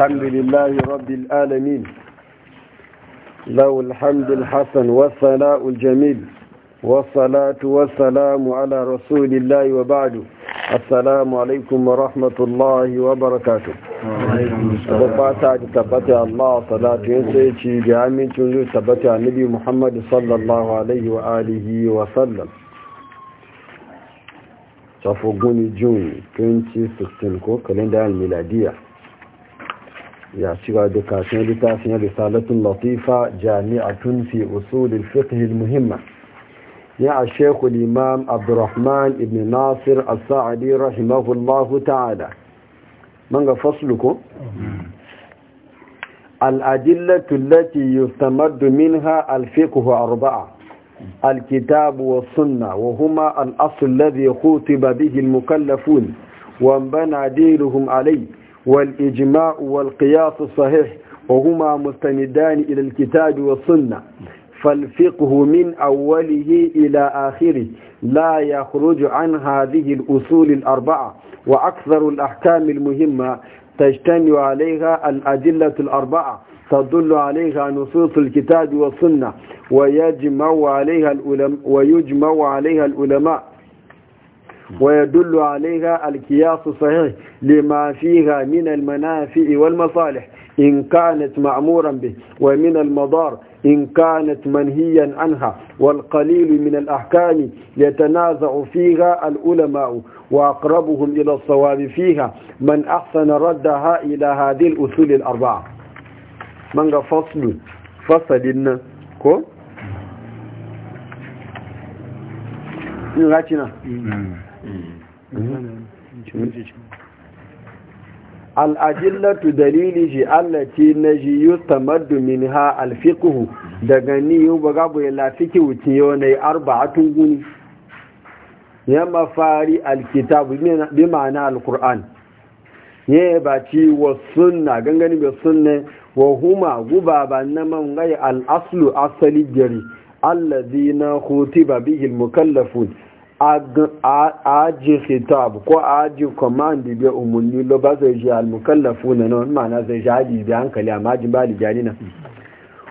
الحمد لله رب العالمين له الحمد الحسن والصلاة الجميل والصلاة والسلام على رسول الله وبعد السلام عليكم ورحمة الله وبركاته وبعد تبتع الله صلاة ينسيتي بعامل تنزل تبتع نبي محمد صلى الله عليه وآله وسلم صفو جوني جوني 2016 كو كالندا الميلادية ya ci ga duka sun littafin risalatun latifa jami'atun fi usulil fiqh al muhimma ya a shekhu imam abdurrahman ibn nasir as-sa'di rahimahullahu ta'ala man ga faslu ko al adillatu allati yustamad minha al fiqh arba'a al kitab wa sunnah wa huma al asl alladhi khutiba bihi al mukallafun wa banadiruhum alayhi والإجماع والقياس الصحيح وهما مستندان إلى الكتاب والسنة فالفقه من أوله إلى آخره لا يخرج عن هذه الأصول الأربعة وأكثر الأحكام المهمة تجتمع عليها الأدلة الأربعة تدل عليها نصوص الكتاب والسنة ويجمع عليها العلماء ويجمع عليها العلماء ويدل عليها الكياس الصحيح لما فيها من المنافع والمصالح إن كانت معمورا به ومن المضار إن كانت منهيا عنها والقليل من الأحكام يتنازع فيها العلماء وأقربهم إلى الصواب فيها من أحسن ردها إلى هذه الأصول الأربعة من فصل فصلنا كو نغاتنا Mm-hmm. Mm-hmm. al'ajillatu dalili shi allaci na ji yi tamaddu min ha alfiƙuhu daga ni yi ba gabu ya lafiki wuce yau na yi arba'atun guni ya mafari alkitabu bi ma'ana alkur'an ya yi ba ci wa sunna gangani ga sunna wa huma guba ba na man gai al'aslu asali gari allazi na hutu ba bihil mukallafun aji khitab ko aji command bi umulli lo ba zai ji almukallafu na nan ma'ana zai ji aji bi hankali amma jin bali jani na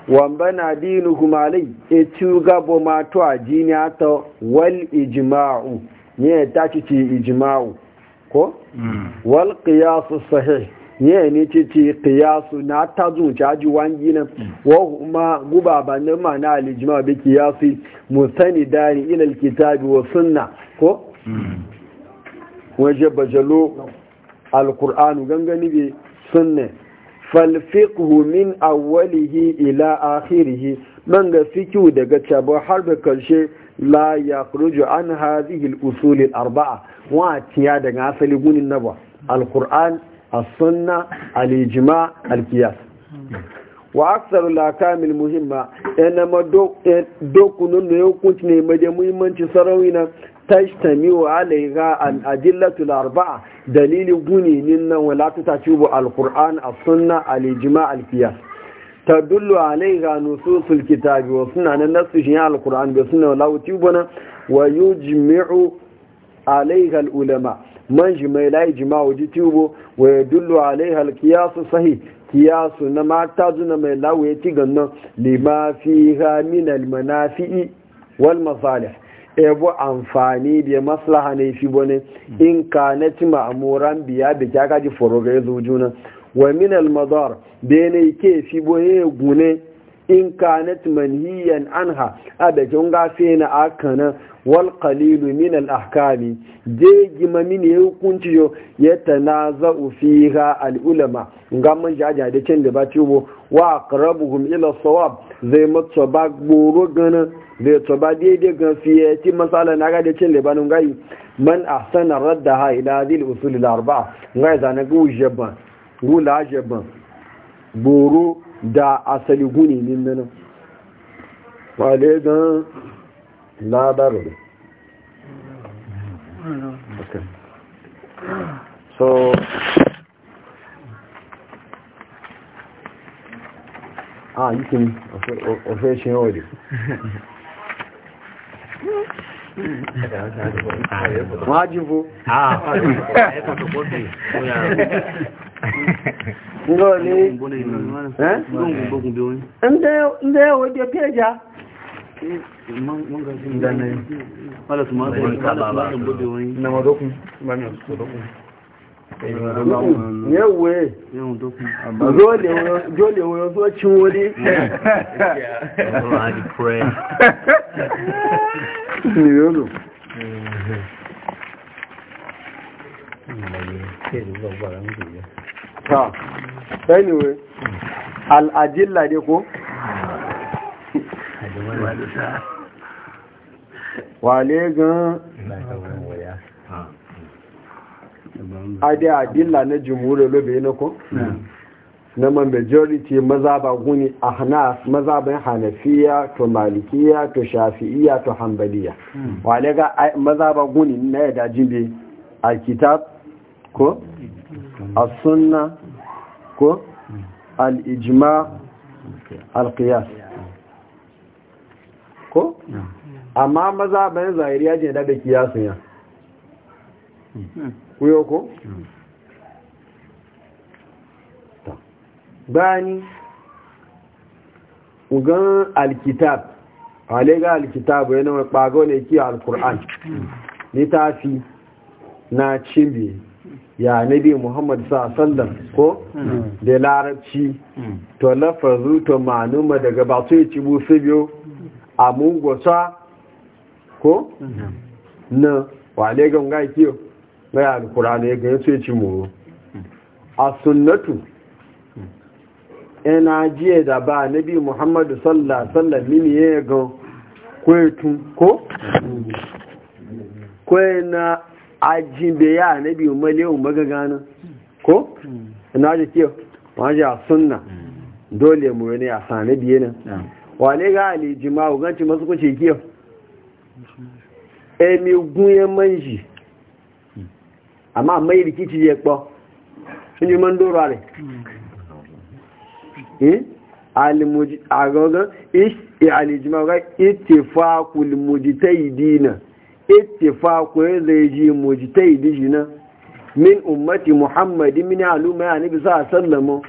wambana dinu kuma e tuga ma to ajini ato wal ijma'u ne ta ci ijma'u ko mm. wal qiyas sahih yẹn ni titi kiyasu na tazun caji wangi nan mm. ma guba gubaba na mana alijima bi mu musani dani ilal kitabi wa sunna ko mm. waje bajalo alkur'anu gangani bi sunna falfiqhu min awwalihi ila akhirih man ga fikiu daga cabo har da karshe la yakhruju an hadhihi al-usul al-arba'a wa tiya daga asali gunin naba alkur'an as-sunna al-ijma' al-qiyas wa aksar lakamil muhimma yana ma dokunan da ya hukunci ne mai da muhimmanci sarauni na tashtami wa alaiha al'adillatu larba'a dalili guni nin nan wala ta tafi bu alkur'an a alijima alfiya ta dullu alaiha nususul kitabi wa na nan nasu shi alkur'an bai suna wala wuti bana wa عليها العلماء من جمع لا يجمع وجتوبه ويدل عليها القياس صحيح قياس نما تازنا من لا ويتغن لما فيها من المنافع والمصالح ebo amfani da maslaha ne fi bane in ka na ci ma'amuran biya da kyakaji foro ga ya zo juna wa min almadar da ne ke fi bane gune in kanat manhiyan anha abajin gafe na akana wal qalilu min al ahkami je gima min ya hukunci yo ya tanaza'u fiha al ulama ngamman jaja da cin da ba bo wa aqrabuhum ila sawab zai mutsa ba goro gana zai to ba daidai gan fiye ti masala na ga da cin da banu ngai man ahsana raddaha ila hadhihi usul al arba'a ngai zanagu jaban gula jaban boro da asali guni min nan wale gan labarin okay so ah you can offer, offer, offer, wajibu a ngoli inda ya na ba su dokun yawwe dole wuyo so cin wuri yolo ta anyway al'adilla dai wale gan adi adilla na jumhuriyar lobe na ko na ma majority mazaba guni ahnaf mazaban hanafiya to malikiya to shafi'iya to hanbaliya hmm. wale ga mazaba guni na yadda daji a alkitab ko hmm. as-sunna ko hmm. al-ijma al-qiyas ko amma mazaban zahiriya da da kiyasun ya kuyo ko mm. bani ugan alkitab alega alkitab yana mai ɓago ne ki alkur'an mm. littafi na cimbi ya nabi muhammad sallam ko mm. da larabci to lafazu to manuma daga batu ya cibu su biyo a mungosa ko na wale ga kiyo na ya alkura ne ga yasu ya ci moro a sunnatu ina jiye da ba nabi muhammadu sallah sallah ya ga kwetun ko? kwena ajin da ya nabi maliyu magagana ko? ina ji kiyo wajen a sunna dole mu ne a sane biye nan wale ga alijima uganci masu kuce kiyo emi gunye manji amma mai rikici ya kpo sun yi mandora ne eh alimuji a gaga ishi alijima ga ittifaqul mujtahidina ittifaqu yaji mujtahidi jina min ummati muhammadin min aluma ya nabi sallama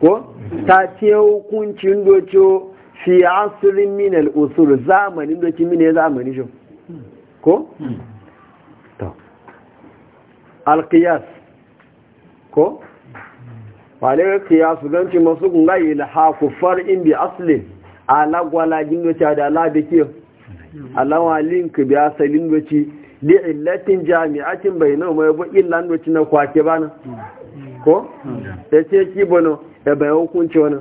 ko ta ce hukuncin doco fi asrin min al'usur zamanin doce min zamanin shi ko alkiyas ko wale kiyasu ganci masu kunga ilha kufar indi aslin alagwala gindoci da alabiki alawa link bi asalin doci li illatin jami'atin bainahu mai bu illan doci na kwake bana ko hmm. ce ki bono da e bai hukunci wani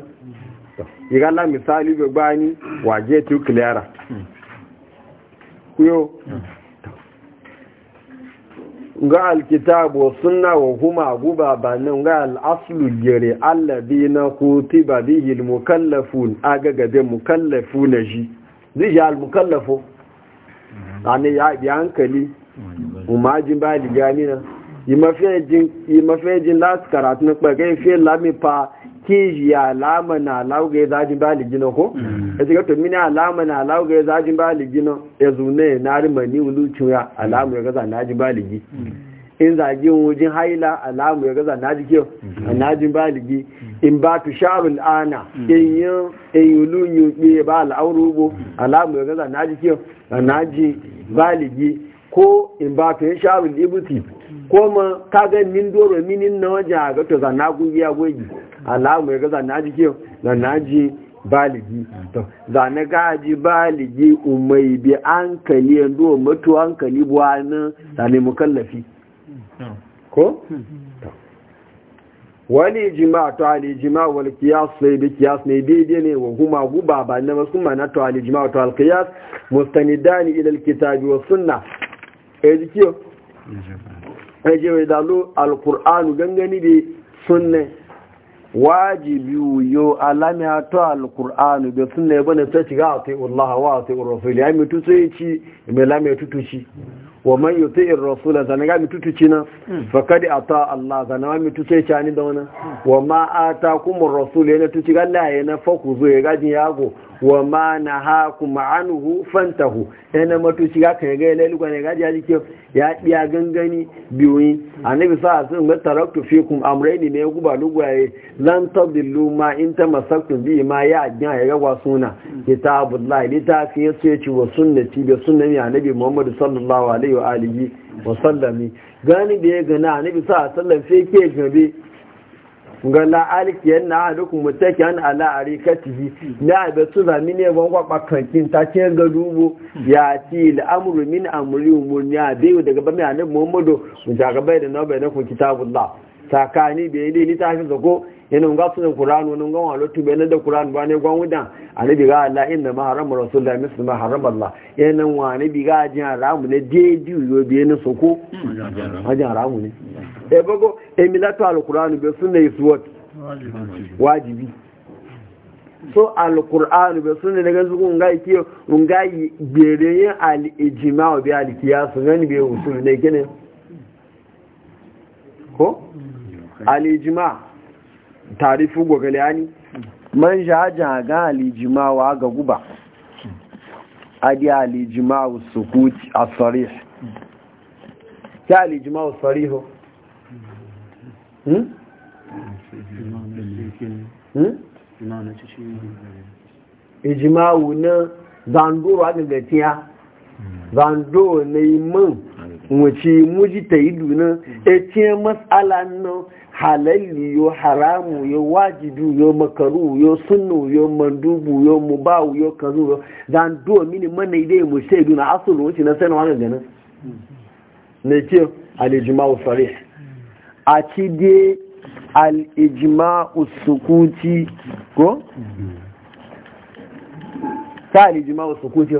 igala misali bi gbani waje tu clara hmm. yo ga alkitabu sunna wa huma guba ba nan ga al'aslu jere allabi na kuti ba bihi mukallafun agagabe mukallafu na ji zai ji al-mukallafu a ne ya bi hankali umajin ba ligani na yi mafi jin lati karatu na kai fiye lami pa ke ya alama na lauga ya zajin bali ligino ko ya mm. shiga e to mini alama na lauga ya zajin bali ligino ya e zune na rimani wulucin ya alama ya gaza na jin ba ligi mm. in zagin wujin haila alama ya gaza na jikin mm-hmm. najin baligi mm. in ba tu sharul ana in yi yulu yuɓe ba al'aurubo alama ya gaza na jikin bali baligi ko in ba tu yin sharul ibuti koma ma kaga min doro minin na waje a ga to za na gubiya gwaji Allah mai ga za na ji ke za na ji baligi to za na ga ji baligi umai bi hankali yando mutu hankali buwa na za ne mukallafi ko wani jima to alijima wal qiyas sai bi qiyas ne daidai ne wa huma guba ba na kuma mana to alijima to al qiyas mustanidani ila al kitabi wa sunna eh ẹjẹ́ rẹ̀ dàlú alkur'anu gangani bí sunne wajibi yo alami ato alkur'anu da sunne ya bane ta shiga a allaha wa a tai'ur rasuli ya mutu sai ci mai lami shi wa man yuti in rasula zane ga mututuci na hmm. fakadi a ta Allah zane ma mutuce ya cani da wani wa ma a ta kuma rasuli ya na tutu ga laye na fokuzo zo ya gajin yago wa ma na haku ma'anuhu fantahu yana matuci ya kan gaya lailuka ne gaji ya jike ya ɗiya gangani biyoyi annabi sa a sun raktu fi fikum amurai ne ya guba lugwaye zan tabdillu ma in ta masaktu bi ma ya ajiya ya gawa suna fi littafi ya ci wa ci da a annabi muhammadu sallallahu alaihi wa alihi wa sallami gani da ya gana annabi sa a sallan sai ke gabe ga la na yana alukun an ala a bi na abatu zami ne ban kwa bakankin ta ce ga dubu ya ci al'amuru min amuri umurni a biyu daga bami a nan muhammadu mun ta gaba da na na kun kitabullah tsakani ni ta littafin zago yana ga su da Qur'ani nan ga walo tube na da Qur'ani ba ne gwan wudan annabi ga Allah inna ma harama rasulullah mislu ma harama Allah yana wa annabi ga jin haramu ne deji yo biye ne soko ajin haramu ne e bago e milatu al-Qur'ani be sunna wajibi so al-Qur'ani be zuku al-ijma' bi al-qiyas tarifu gogaliyani man jaja ga alijimawa ga guba adi alijimawa sukuti asarih sarih ya alijimawa sariho hmm? hmm? ijimawa na zandoro agagatiya zando na iman wace mujita idu na etiyan matsala nan halalli yo haramu yo wajibi yo makaru yo sunnu yo mandubu yo mubawu yo kazu dan do mini mana ide mu sai duna asulu wuce na sanin wannan ganin ne ke al-ijma'u sarih a ci de al-ijma'u sukuti ko ta al-ijma'u sukuti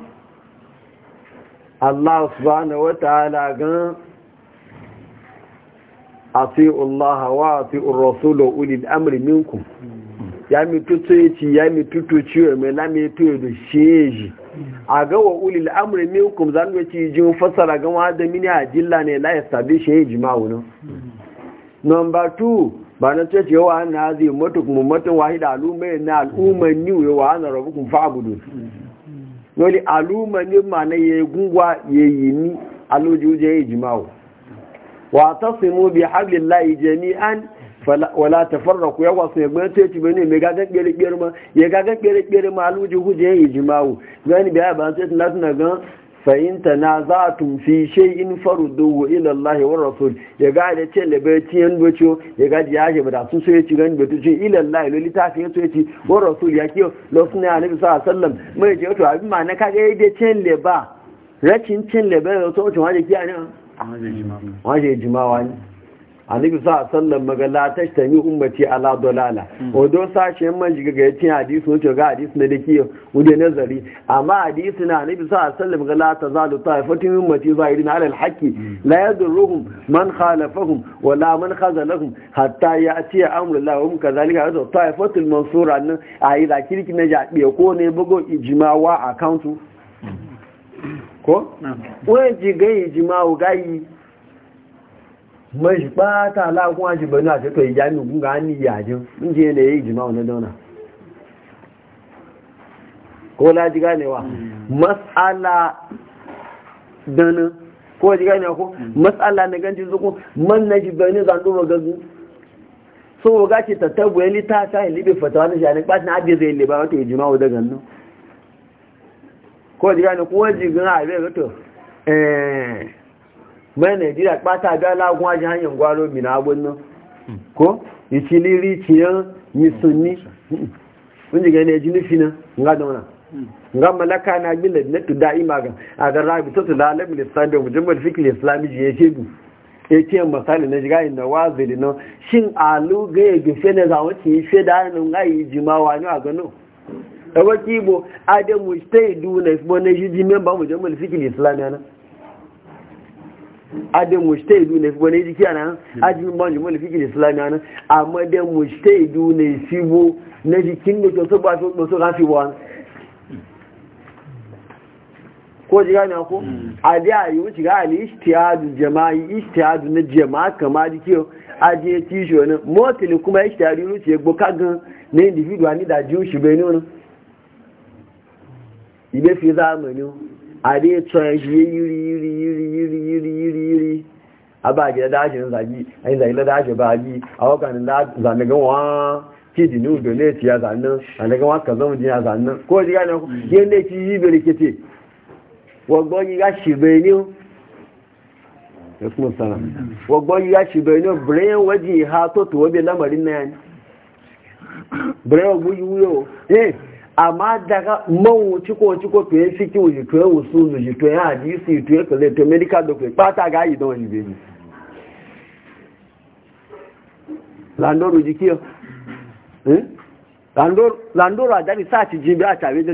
Allah subhanahu wa ta'ala gan ati'u Allah wa ati'u Rasul ulil amri minkum ya mi tutu ya mi tutu mai lami tutu da sheji a ga wa ulil amri minkum zan ga ci jin fasara ga wa da mini ajilla ne la ya sheji ma number 2 ba na ce ce yawa na zai mutu mutun wahida al'umma na al'umma ni na fa'budu lórí alúmọ̀ ní ma na yẹ gúnwà yẹ yìí ní alójújẹ ìjìmáwò wà tọ́sí bí hablilá ìjẹ ní an wàlá tafarra ku yawa su bane mai ma ma gani biya ba ta tana gan fa'in ta na za tun fi shay'in farudduhu ila Allah wa rasul ya ga da ce ci yan docho ya ga da yaje bada sun so ya ci gani batu ce ila Allah lo litafi ya so ya ci wa rasul ya kiyo lafi na yanar sallallahu a sallam mai ce wato abin ma na ka ga da cin leba rashin cin leba to wato wani kiyaye ne waje jimawa ne annabi sa sallan maga la tashtami ummati ala dalala hmm. odo sashe man jiga ga yatin hadisi wato ga hadisi na dake wuje nazari amma hadisi na annabi sa sallan ga la tazalu ta'ifatu ummati zahirin ala alhaqi hmm. la yadurruhum man khalafahum wala man khazalahum hatta ya'ti amrullah wa hum kadhalika wato ta'ifatu almansura nan ayi da kirki na jabe ko ne bugo wa akantu hmm. ko wai jiga ijmawa gayi mai ba ta lagun aji bani a cikin ijami gunga hannu yajin inji yana yi jima wani dauna ko laji ganewa matsala dana ko ji ganewa matsala na ganci zuku man na ji bani zandu magazu so ga ce ta ya na na zai mai e nigeria pata ga lagun ajin hanyar gwaro mi na agbon nan ko isiliri ciyan misunni wunji ga ne jini fina nga da wana nga malaka na bi na tu da'ima ga a ga rabi to la e e da lisani mujammal fikr islami je yake bu yake misali na jiga na wazili na shin alu ga ya gefe ne za wuce shi da nan ga yi jimawa wani a gano da wakibo adamu stay do na ifbo ne jiji member mujammal fikr islami na adin mujtahidu ne fibo ne jiki ana ajin banji mun fi gidi islami ana amma da mujtahidu ne fibo na jikin da to ba so ba so kan fibo an ko ji gane ko mm. a da yi wuce ga ali ijtihadu jama'i ijtihadu na jama'a kama jiki aje tisho ne motili kuma ijtihadu ruci egbo kagan na individual ni da jiun shi be ni ona ibe fi zamani ade tsoron shi yiri yiri yiri yiri yiri yiri a ba gida na zagi a yi zagi na dashi ba gi a wakanin zanagan wa kidi ni ya zannan zanagan wa ka zama jiya ko gane ku yin ki yi berikete wọgbọ́n yìí ya ya amma daga man ciko ciko to ya fi kiwo ji to ya wasu su ji to ya hadisi to ya kalle to medical doctor pata ga yi don wani eh? a dari sa ci jibi a tare da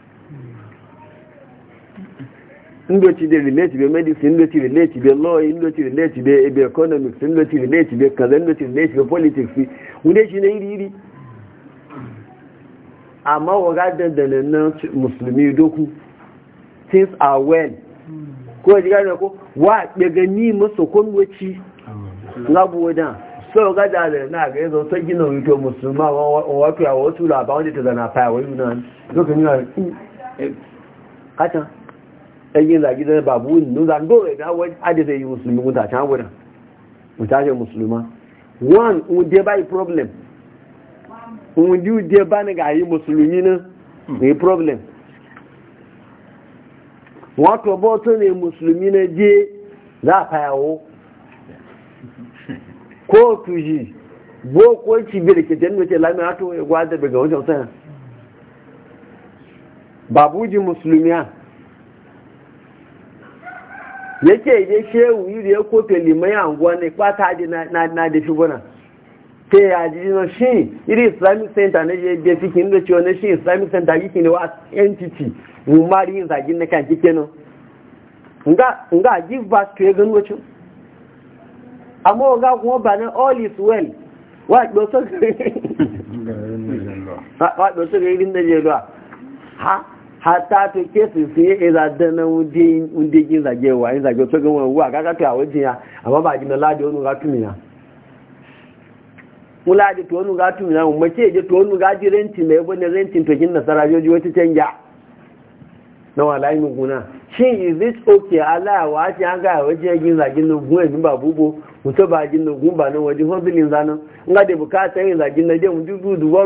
ndoci da relate be medicine ndoci relate be law ndoci relate be be economics ndoci relate be kaza ndoci relate be politics wunde shi ne iri iri amma waga dandana na musulmi doku things are well ko ji gane ko wa daga ni maso kwanwaci labu wadan so ga da da na ga yanzu ta gina wuto musulma wato ya wasu labarai da ta zana faya wani nan lokacin yana katan ɗanyin zagi zai babu wani nun zan ne ga wani adi zai yi musulmi mun tashin wurin mun tashin musulma Wani un dai ba yi problem un diu dai ba ni ga yi musulmi ne mu yi problem wato ba to ne musulmi na je za a fayawo ko tuji ko ci bi da ke jan mace lamin hato ya gwada daga wajen sana babuji musulmiya yake je shehu yiri ya kofe limai anguwa ne kwata ji na da fi guna ke ya ji shi iri islamic center na je je fikin da ciwo na shi islamic center yake entiti wa entity umari yin zagin na kan kike no nga give back to ya gano amma oga kuma ba na all is well wa dosa ga irin da ha hata to kesi si eza dana ụwa otu ka ya amma ba jin ladi onu ga tumi ya muladi to onu ga tumi na mu ce je to onu ga ji renti me bo ne nasara na wala yi guna shin is this okay ala wa ti ga ji kin zage no gun e ba bubo mu nugwu mba na no gun ba no waje ho bilin zanan nga de na de mu dudu duwa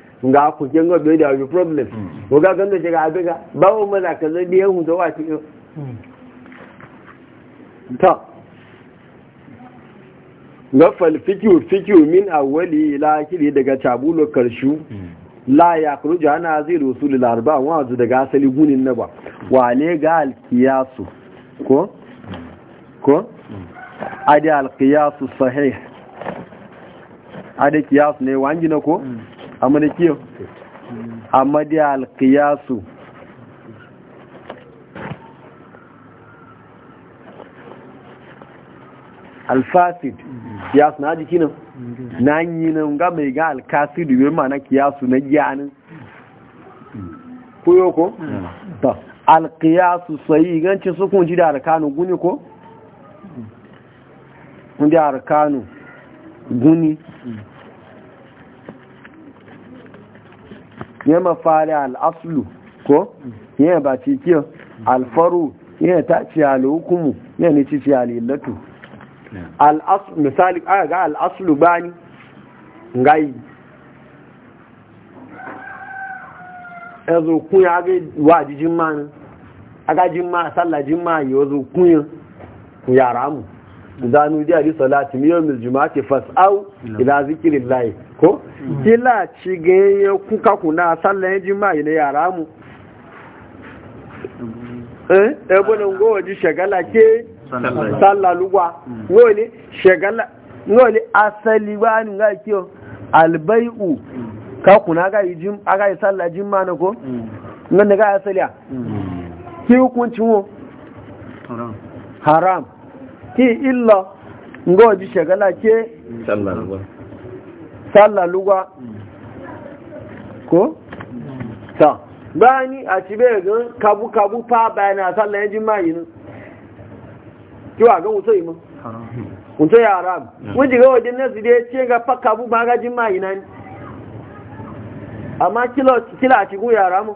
nga ku ke ga bai da problem ko mm. ga ganda shiga abiga ba mu mana ka zai biyan hu da wati mm. ta Nga fal fikiu fikiu min awwali ila akhiri daga tabulo karshu mm. la ya kruja ana zai rasulul arba wa zu daga asali gunin na ba ne ga qiyasu ko ko al qiyasu sahih ada qiyas ne wanjina ko amma amadi alkiyasu alfasid kiyasu na jiki nan na yi nan ga mai ga alkasidu yi ma na kiyasu na gyanin kuyo ko? ta alkiyasu sayi iganci sukun ji da alkanu guni ko? kundi alkanu guni ya mafari al'aslu ko ya ba cikin alfaru ya ta ci al'hukumu ya ne ci ci al'illatu misali aka ga al'aslu ba ni ngayi ẹzọ kún ya wà jíjìn máa ní agajin jin ma yi yóò zọ kún ya mu zanu ji a salati miyar mil juma'ati fas'au ila zikirin layi ko kila ci ganye kuka kuna sallan jima'i eh? na yara mu eh ebonin gowa ji shagala ke sallaluwa wani shagala wani asali ni ga kiyo albai'u ka kuna ga yi jim aga yi sallah jimma na ko wanda ga asali a mm. ki hukuncin wo haram ki illa nga shagala ke sallaluwa ko? ta bani a ci kabu-kabu fa bayana sallayen jima'i nan kiwa wuce wuce ya arab wuce ga wajen nasu da ya ce ga fa kabu ma ga jima'i amma kila a cikin yara mu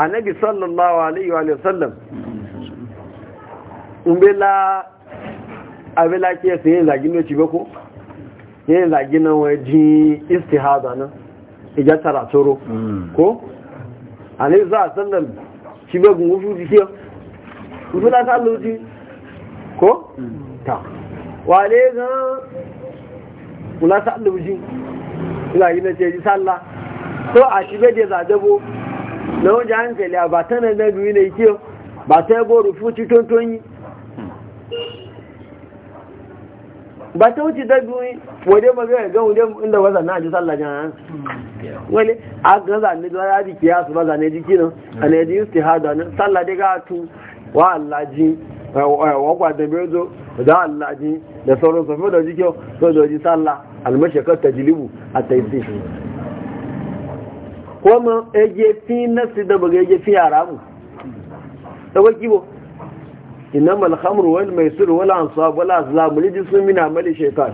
annabi sallallahu alaihi wa sallam umbela abela ke sai yin zagin ne cibe ko yin zagin nan ji istihada nan tara toro ko annabi sallallahu alaihi wa sallam cibe gungu fuji ke ko la salluti ko ta wale ga kula salluji ila yin ce ji sallah ko a cibe da dabo. na wajen angeli a ba ta na biyu na ikiyo ba ta yi goro fuci yi ba ta wuce da biyu wadai ba ga wadai inda waza na ji sallah jan wani a ga ya jiki ya su ba zane jiki a na yi su hada nan sallah dai ga tu wa allaji wa kwada bezo da allaji da sauran safi da jiki so da ji a ko mu eje fi nasi da baga eje fi yara haramu da waki bo inama alhamru wal maisir wal ansab wal azlam rijsun min amali shaytan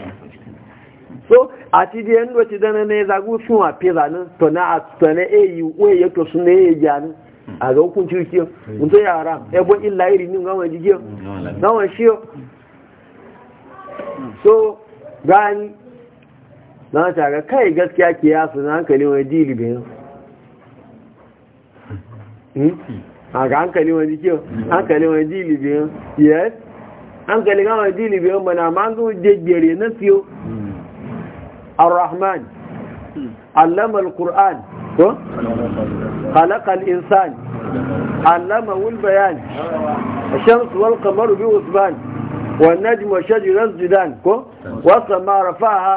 so ati di en wati dana ne za gu sun a pira nan to na at to ne e yu we ye to sun ne e ja ni a ga kun ci ki mun to ya e bo illa iri ni ngawa ji ki ngawa shi yo. so gani na ta ga kai gaskiya ke yasu na hankali wani dili bayan Hmm? haka hankali wani kiyo hankali wani dili biyu yes hankali wani dili biyu mana ma ga jejjere na fiyo hmm. ar-rahman hmm. allama al-qur'an ko khalaqa al-insan allama wal-bayan ash-shams wal-qamar bi usban wan-najmu shajran zidan ko wa sama rafaha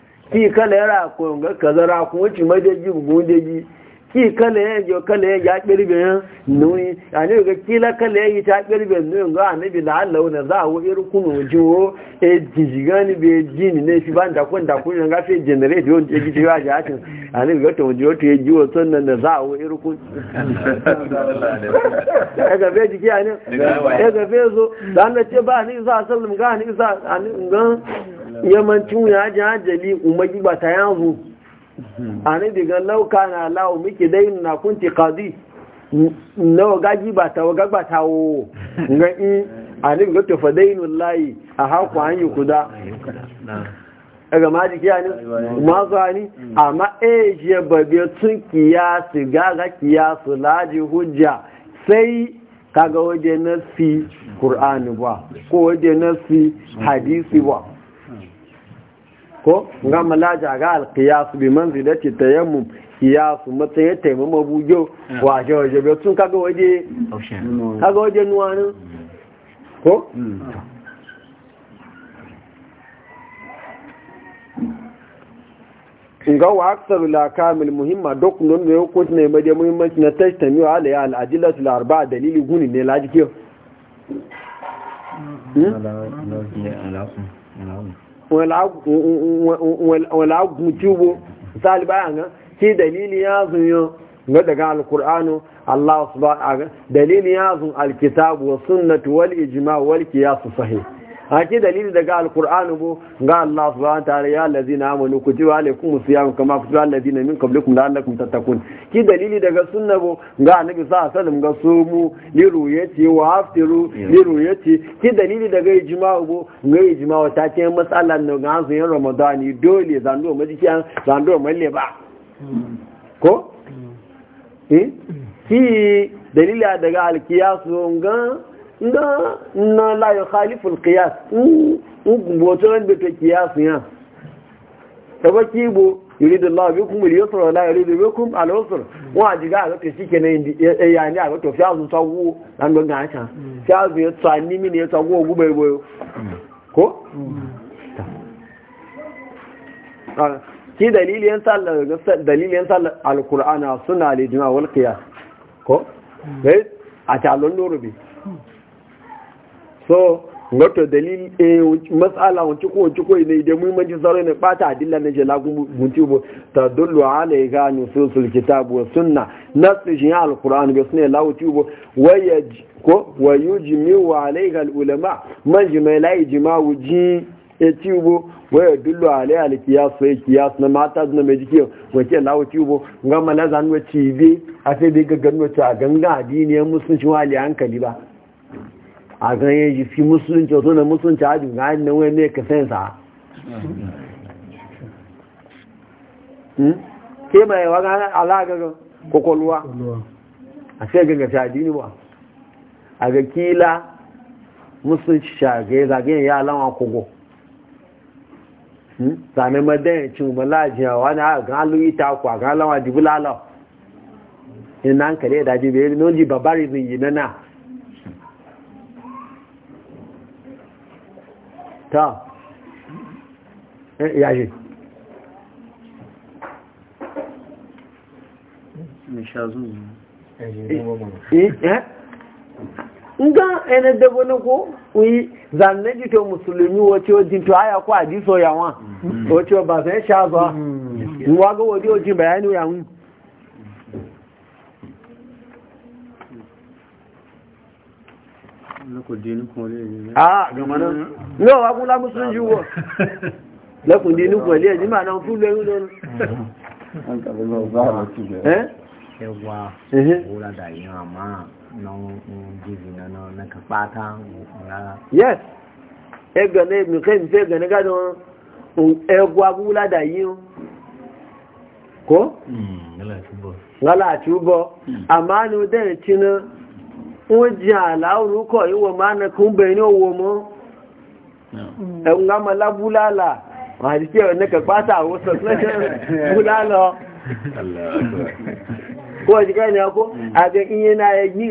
fi kala yara ko kazara kaza ci ko wuce majeji ki kale ya yo kale ya kirbe nuni ani ga kila kale ya ta kirbe nuni ga annabi la Allah na za wo irkun wujo e jijigani be jini ne fi banda kun da kun ga fi generate yo je ji ya ja tin ani ga to wujo to ji wo sannan na za wo irkun e ga be jiki ani e ga be zo dan ce ba ni za sallam ga ni za ani ga yamancin ya ja jali umma ba ta yanzu ani diga lauka na lau miki dai na kunti qadi Na gaji ba ta wa eh, eh, ba ta wo ga in ani ga to fadainul layi a haku an yi kuda daga maji kiya ne masu hani amma ejiye babe tun kiyasi gaga kiyasu laji hujja sai kaga waje na fi ƙur'ani ba ko waje na hadisi ba ko nga malaja ga alqiyas bi manzilati tayammum qiyas ya tayammum bujo jo. waje bi tun kaga waje kaga waje nuwanin ko ga wa aktsaru la kamil muhimma dok non ne ko ne ma da muhimmanci na tashtamiu ala ya al adillatu al arba'a dalili guni ne laji kiyo wala gutubo misali bayan ga ki dalili ya zunyo ga daga alkur'anu Allah subhanahu dalili ya zun alkitabu wa sunnatu wal ijma wal sahih hake dalili daga alkur'ani bu ga Allah subhanahu ta'ala ya allazina amanu kutiba alaikum siyam kama kutiba allazina min qablikum la'allakum tattaqun ki dalili daga sunna bu ga annabi sallallahu alaihi wasallam ga sumu li ruyati wa aftiru li ruyati ki dalili daga ijma'u bu ga ijma'u ta ce matsalan no ga zuwa ramadani dole zando majiyan zando malle ba ko hmm. eh ki dalili daga alkiyasu ngan na na la yukhaliful kiyas ngoto en be kiyas ya tabaki bo yuridu Allah bikum al-yusra la yuridu bikum al-usra wa diga ga e, e, to shike ndi eya ni ga to fi azun tawu dan don ga ta fi azun ya tsani mi ne bai ko ah, ki dalili yan dalili yan wal ko eh? a so wato dalil eh, matsala wanci ko wanci ko ne da muhimmanci tsaro ne bata adilla ne na jela gunti bo ta dullu alaiha nususul kitab wa sunna nasu shi alquran ga sunne lawti bo wayaj ko wayujmi wa alai alaiha alulama man ji jima la ijma wuji e tiwo waya dullu alaiha alqiyas sai e qiyas na mata na mai jike wace lawti bo ngama la zanwa cibe a sai dai ga ganwa ta ganga addini musulunci wali hankali ba a ganye ji fi musulunci wato na musulunci a jin gani na wani ka san sa hmm? ke mai wani alagar kwakwalwa a sai ga gafi adini ba a ga kila musulunci shagaye zagaye ya alama kogo hmm? zane madayin cin malajiya wani a ga alu ita ku a ga alama dibulala ina hankali da jibe yi noji babari zai yi na na ta eh, yaje eh, eh, nga ene debo ne ko wi zanne ji musulmi wace o to aya ko adiso yawa wace mm. o ba sai shazo mm. wa ga wodi o jin bayani yawa Yóò wá kún lámúsùn yíwọ̀. Lẹ́kùn dínú kan lé ẹ̀jí máa náà fún lẹ́rún lẹ́nu. Ẹwà òwúrádà yìí hàn máa náà ń dìbì náà náà kan pátá òkun rárá. Yes, ẹgbẹ̀ náà èmì kẹ́ ìfẹ́ ẹgbẹ̀ nígbà náà ẹgbà òwúrádà yìí hàn. Kó? Gálà àtúbọ̀. Gálà àtúbọ̀. Àmá ni ó dẹ̀rẹ̀ tí wọ́n jẹ́ àláorúkọ̀ ìwọ̀ máa nà kún ní owó mọ́ ẹ̀wùn lámọ́ lábúlálà àti tí ẹ̀rọ nẹ́kẹ̀ pátá àwọn sọ̀tún ti kẹ́ni ọkọ́ àgbẹ̀ iye náà ẹgbí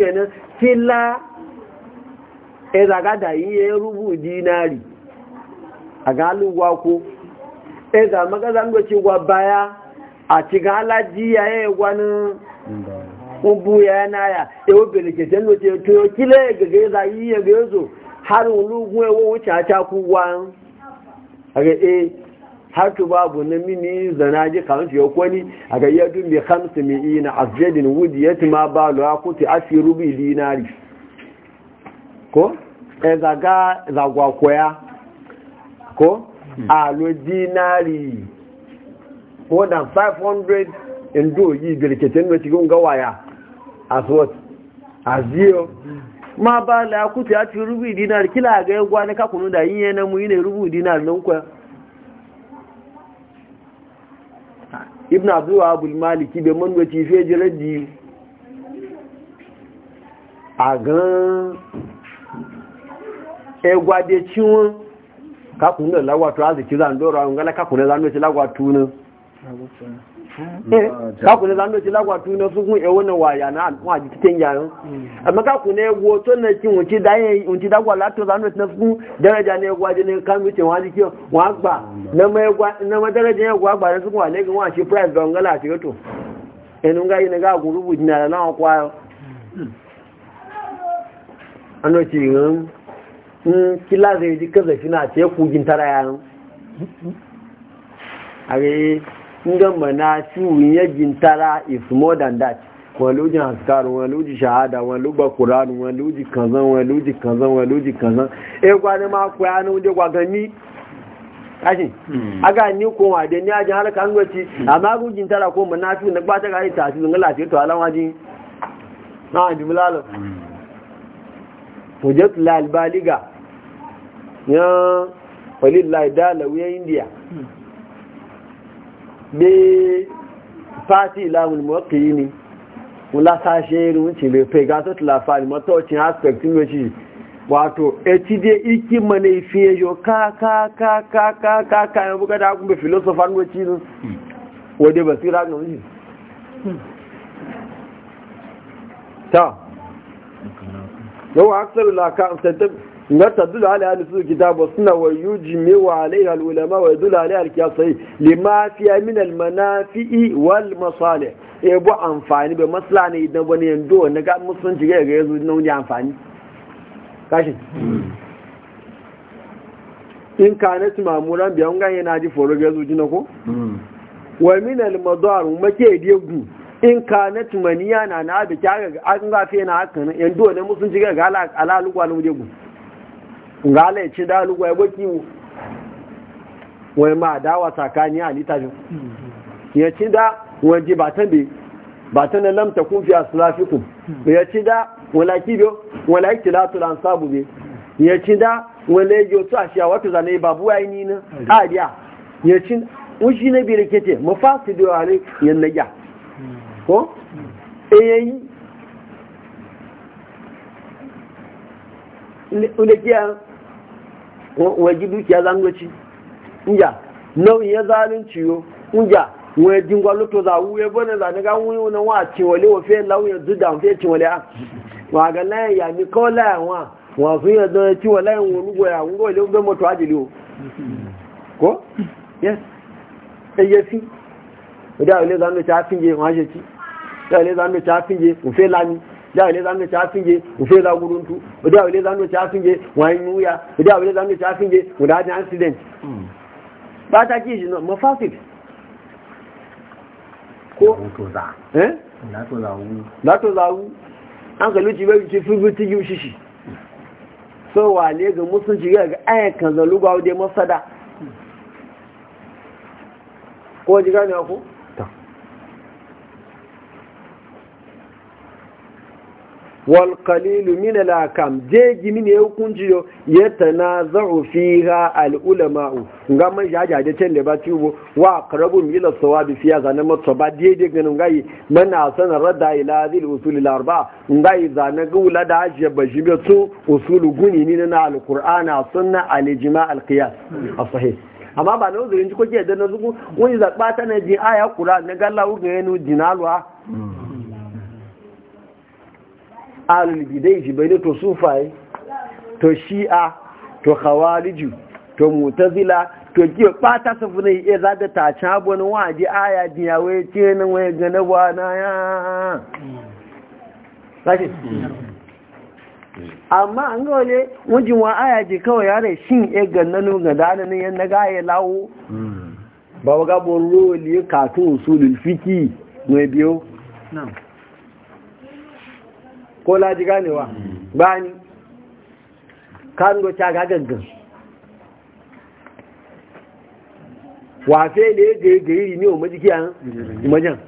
wà náà ubu ya na ya ewo belekete no te to kile gege za yi ye gezo har ulugun ewo e cha cha ku wa aga e har tu babu na mini zana ji kan ya kwani aga yadu bi khamsi mi ina afjadin wudiyat ma balu akuti asiru bi dinari ko e zaga zagwa kwaya ko a lo dinari more than 500 ndo yi belekete no ti gun ga waya as what as zero ma ba la kuti a rubu dinar kila ga egwa na kakunu da yin yana mu yi rubu dinar nan kwa ibn abduwa abul maliki bai man wace fiye jiraji a gan egwa de ciwon kakunu da lagwatu a zikiran dora a ngala kakunu da zanuwa na ka kuna zan doci lagwa tu na sugun e wannan ya na wa ji ya yayin amma ka kuna go to na kin wuci da yin wuci da gwa lato zan doci na sugun daraja ne gwa je ne kan wuce wa ji wa gba na mai gwa na ma daraja ne gwa gba na sugun wale ga wa shi price don gala shi to enun ga yin ga guru bu na na kwa hmm. ano ci ngam hmm, kila zai ka kaza shi na ce kugin tara yayin hmm, a nga mana fi wunya gintara is more than that wani lujin haskar wani lujin shahada wani lugba kuran wani lujin kazan e gwani ma ku ya je gwagani A ga ni wa hmm. de ni ajin harka amma gu gintara ko mana fi na ba ta ita su ngala ce to alan waji na ji india be fati ilamul muwaqqi ni wala ta sheru ci be pe ga to la fa mo to ci aspect ni ci wato etide iki mane fiye yo ka ka ka ka ka ka ci na tadulu ala ahli sunna kitabu sunna wa yujmi wa alayha al ulama wa yadulu alayha al qiyasi lima fi min al manafi wal masalih e bu amfani be masla ne idan wani yando na ga musulunci ga ga yazo na wani amfani kashi in kanat mamuran biyan ga yana ji foro ga yazo jina ko wa min al madar make degu in kanat maniya na na da kyaga an gafe na haka yando ne musulunci ga ga alalu kwanu degu nga la ci da lugwa ya goki wai ma dawa tsakani a littafin ya ci da waje ba ta bi ba ta na lamta kun fi asulafikun ya ci da wala kibiyo wala ikilatul an sabu bi ya ci da wala yi yotu a shiya wata zane babu ya yi na? a biya ya ci wushi na biyar kete mafasi da yare yan na ya ko eyayi ulekiya waje dukiya zangoci inja nau'in ya zalunci yo inja wọ́n di ngwa za wúwe bọ́nà za nígbà wúwe wọn wà wa wọlé wọ́n fẹ́ láwọn yẹn dúdà wọ́n fẹ́ tí wọlé à wọ́n àgà láyìn yà ní ni láyìn la wọ́n wa? yẹn dán tí wọ́n láyìn wọn olúgbò yà wọ́n gbọ́dọ̀ bẹ́ẹ̀ mọ́tò àjèlè o kọ́ yẹ ẹyẹ fi ọdẹ àwọn ilé zanú tí a fi ń jẹ wọn á ṣe tí ọdẹ àwọn ilé zanú tí da wale zamu ta finge mu fe za gurun tu da wale zamu ta finge wani nuya da wale zamu ta finge da accident hmm. ba ta ki jino mafasid ko to za eh na to za u. za an ga luci bai ci fufu ti yi shishi so wale ga musunci ga ayyukan zaluga da masada ko ji gane ku wal qalilu min al akam je gimi ne hukunci yo fiha al ulama ga man jaja da tan da ba wa aqrabu min al zan fiya zanan matsa ba daidai ganin gai mana sana radda ila zil usul al arba gai zanan gula da shi bajibe su usulu guni ne na al qur'ana sunna al ijma al qiyas amma ba na uzurin ji ko ke da na zuku wani zaɓa ta na ji aya kura na galla uga yanu jinalwa alul bidai jibaini to sufaye, to shi'a to khawariju to mutazila to kiyo bata su ne iya eh, zaga ta cabon waje aya diya wai ce nan wai gane na ya sashi amma an ga wale wajen wa aya ji kawai yare shin ya eh, gannanu ga dananin yan na gaya lawo hmm. ba wa gabon roli katun usulul fiki mai biyo ko laji ganewa mm. bani kan go ta ga gangan wafe ne ga ga yi ne o majiki an majan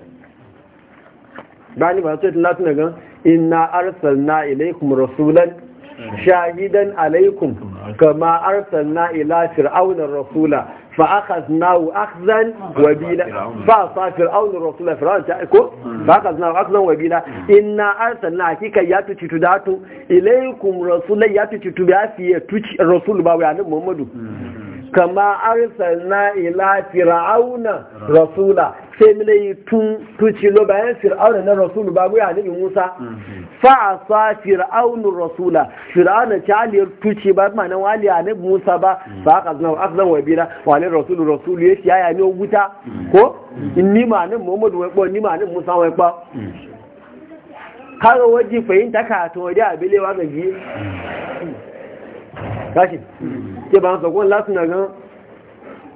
bani ba so tun lati na gan inna arsalna ilaykum rasulan mm. shahidan alaykum kama arsalna ila fir'auna rasula fa aka zanawu akzan wabila ba fa fir'aunin rasulun fir'aun ta aiko ba aka zanawu akzan wabila ina arsan na hakika ya tuci tu datu ilaikum rasulai ya tuci ya fiye tuci rasul ba wa yanin muhammadu kama arsan na ila fir'aunin rasula sai mina yi tun tuci lo bayan fir'auna na rasulu ba guya nabi musa Fa'asa asa fir'aunu rasula fir'auna ci aliyar tuci ba ma nan wali a nabi musa ba Ba aka zan aka zan wabira wali rasulu rasulu ya ciyaya ne wuta ko ni ma nan muhammadu wai ko ni ma nan musa wai ko kaga waje fahimta ka to da abilewa ga ji kashi ke ba sa kun lasu na gan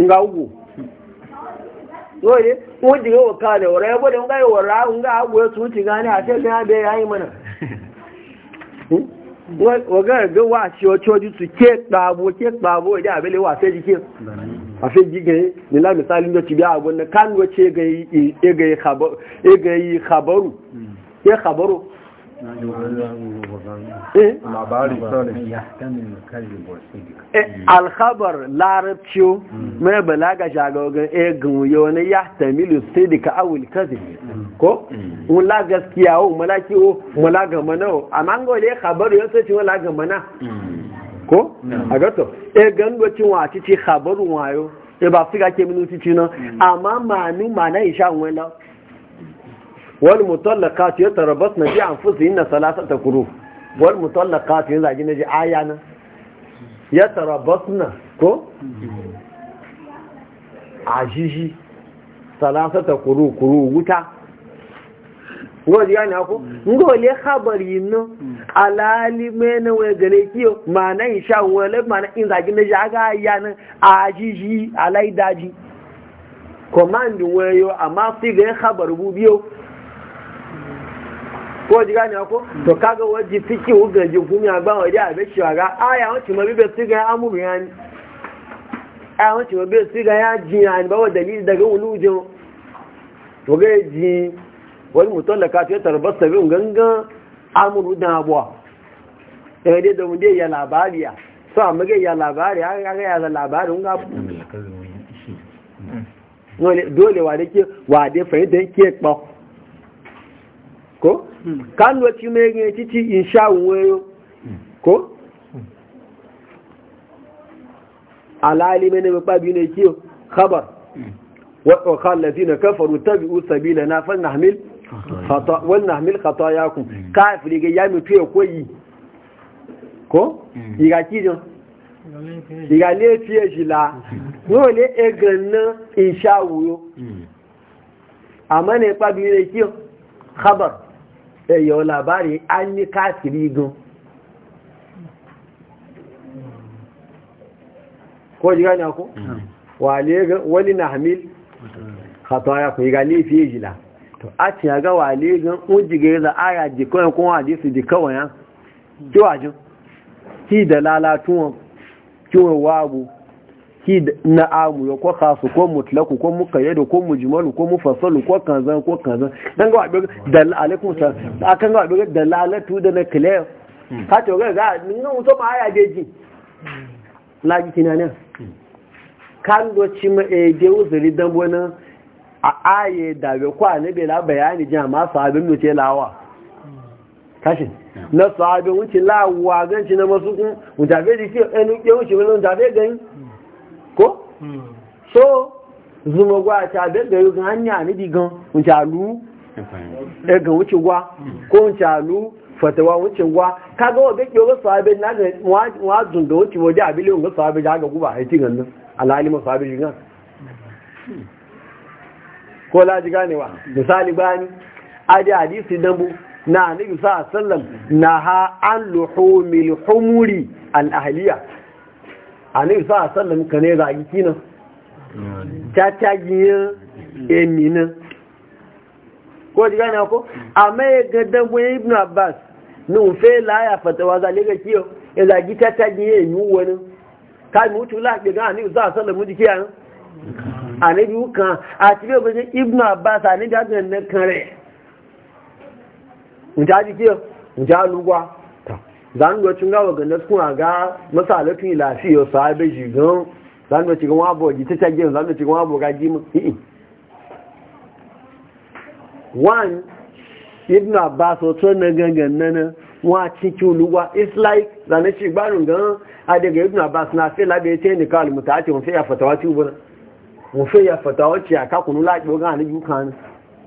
nga ugu yoye ko diga wa kale wara yabo da ngai wara nga e agwe su ti gani a sai ga e bai mana wa ga e ga wa shi su ke dabo ke dabo da abele wa sai jike a sai jike ni la misalin da tibiya abun kan wace ga yi ga khabaru khabaru hmm. Eh? Eh, alkhabar larabciyo mai balaga egin egun eh, yawon ya tamilu sai da ka awul kazi ko? mula mm. gaskiya o mula kiwo mula gama na o a mangole khabar yau sai cewa lagama na mm. ko? Mm. a gato egun gwacin wa ci ci wayo e ba su ga ke minuti ci nan amma manu mana isha wela wal mutallaqat yatarabbasna bi anfusihinna salasata quru wal mutallaqat yanzu ajin ji aya nan yatarabbasna ko ajiji salasata quru quru wuta ngoji gani ako ngole khabari no alali mena we gane kiyo mana insha wala mana in zaji na jaga aya nan daji. alaidaji command weyo amma sai ga khabar bu biyo ko ji gane ko to kaga waje fiki wuga ji kunya ba wa da be shi ga aya won ti mabi be su ga amuru yani aya won ti mabi be su ya ji yani ba wa dalili daga wulujin to ga ji wani da mutallaka ta tarbasta bin ganga amuru da abuwa daga dai da mun dai ya labari ya so amma ga ya labari ya ga ya labari mun ga dole wa da ke wa da fahimta ke kpa ko hmm. kan wacce mai yin titi in sha wayo ko alalime ne ba biyu ne kiyo khabar hmm. wa qala allazina kafaru tabi'u sabilana fanahmil khata wa nahmil khatayakum hmm. kafiri ga yami tuye koyi ko iga kijin iga ne fiye shi jila dole e ganna in sha wuyo amma ne ba biyu ne kiyo khabar yau labari an yi kafiri gun ko ji gani ako? Mm. wani na hamil hataya ku yi gani fiye jila to a ci ga wale gan unjiga da aya jikon kuma hadisi jikon ya kiwajin ki da lalatuwan kiwon wabu ki na amu ya ko khasu ko mutlaku ko muqayyad ko mujmal ko mufassal ko kaza ko kaza dan ga abin dal alaikum sa akan ga wabe dalalatu da na kile hmm. ka to ga ga nin ga mutum aya deji laji ne kan do ci ma eh, e de uzuri dan bona a aye da be kwa ne be la bayani jama'a sahabin mu ce lawa hmm. kashin hmm. na sahabin wuce lawa ganci na masu kun mutabe dike enu eh, ke wuce wani mutabe gani so zuma gwa ta da da yugan hanya ne digan e wuce alu ga wuce gwa ko wuce alu fatawa wuce gwa ka ga wa gake wa sahabe na ga wajin da wuce waje a biliyon ga sahabe da aka guba haiti ganin alhali ma sahabe shigan ko laji ganewa misali bani adi hadisi dambu na annabi sallallahu alaihi wasallam ha an luhumil humuri al ahliya annabi sa sallam ka ne zagi kinan cacagiyin eminin ko ji gane ko amma ya ga dangon ibn abbas ni ufe laya fatawa zale lega kiyo ya zagi cacagiyin emin wani ka mi mutu lafi ga annabi sa sallam ji kiyan annabi kan a ti bai bajin ibn abbas annabi ga ganin kan rai Njaji kiyo, njaji lugwa, zanuwa cin gawa ga nasu kuma ga masalafin lafi yau sa bai gan zanuwa cikin wabo ji ta tage zanuwa cikin wabo ga gina mu i'i wani ibn abbas otu na gangan nana wa cikin luwa it's like Zane ci gbarin gan a daga ibn abbas na fi labe ta ni kawai mutaci mun fi ya fatawa ci ubuna mun fi ya fatawa ci a kakunu laƙi ogan a na biyu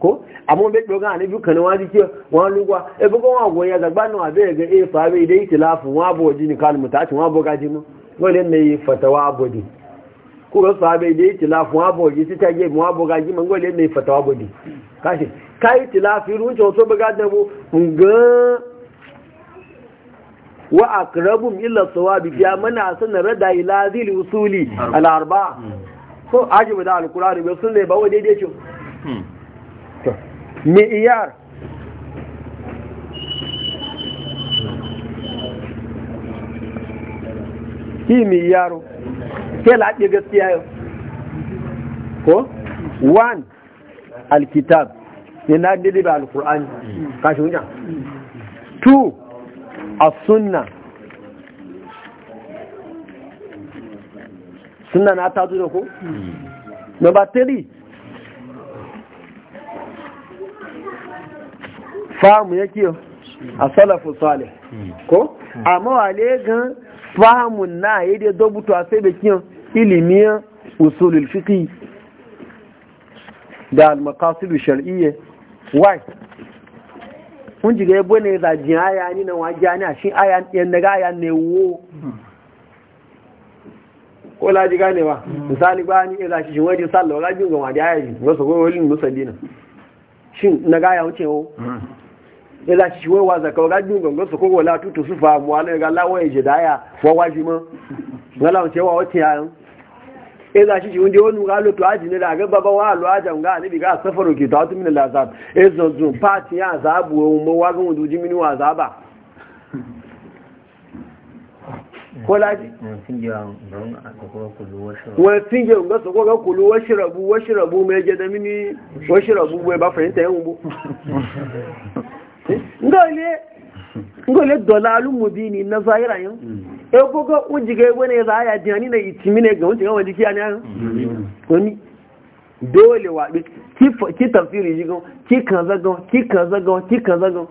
ko be bai doga a nabi kan wani ke wani lugwa e bugo wa goya da gbanu a bai ga e fa bai dai tilafu wa ji ni kalmu ta ci wa boga ji mu wale ne fatawa boji ko ga fa bai dai tilafu wa boji ti ta ge wa boga ji mu wale ne fatawa boji kashi kai tilafi run to so boga da mu ga wa aqrabum illa sawabi ya mana sanar rada ila zil usuli al arba so ajibu da al qur'ani bai sunne ba wa daidai ce mi'iyar shi mi'iyaro ke laɗe gaskiya yau ko? one alkitab yana dili ba alkur'ani kashi wujan two as-sunna sunna na ta zo da ku number three famu yake a salafu salih ko amma wale gan famu na yi dai dobuto a sai da kiyan ilimiyan usulul fiqi da al-maqasid shar'iyya why kun jiga yabo ne da jin aya ni na waje ani a shin aya yan daga aya ne wo ko la jiga ne ba misali ba ni ila shi waje sallah ga jin ga waje aya ji wasu ko wani musallina shin na ga ya wuce wo ya za shi wai waza kawai gajin gangan su kogo la tutu su famu wani ga lawan ya ji daya wawa shi ma ngala wace wa wace yayin ya za shi shi wunde wani ga lotu aji ne da ga baba wa lo ajan ga ni ga safaru ki tawtu min lazab e zozo pati ya zabu mu wa gun duji min wa zaba ko laji wani tinge ga su koga kulu washi rabu washi rabu mai jada mini washi rabu bai ba fahimta yan bu Eh? ngole dolalu mubini na zahira yin hmm. ebogo ujiga ebo ne za ya jani na itimi ne ga wuce ga wani kiyani an wani dole wa ki tafsiri jigon ki kan zagon ki kan zagon ki kan zagon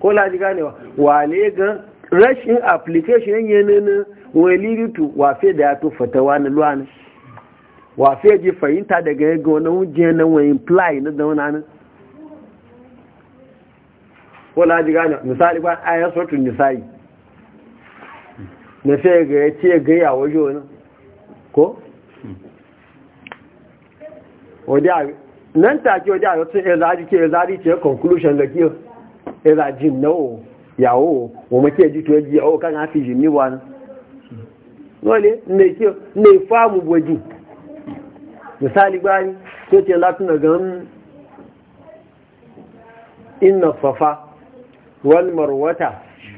ko laji ganewa wale gan? rashin application wani na waliritu wafe da ya to fatawa na luwa na wafe ji fahimta daga ya ga wani wujen na wani imply na da wani ko laji gane misali ba a yan sautin nisa'i na sai ga ya ce ga ya waje wani ko? nan take waje a yotun ezari ke ezari ce conclusion da kiyo ezari na o yawo o make ji to yaji o kan hafi jini wa nan wale ne kiyo ne famu boji misali bani ko ce latin da ganin inna safa walmarwata marwata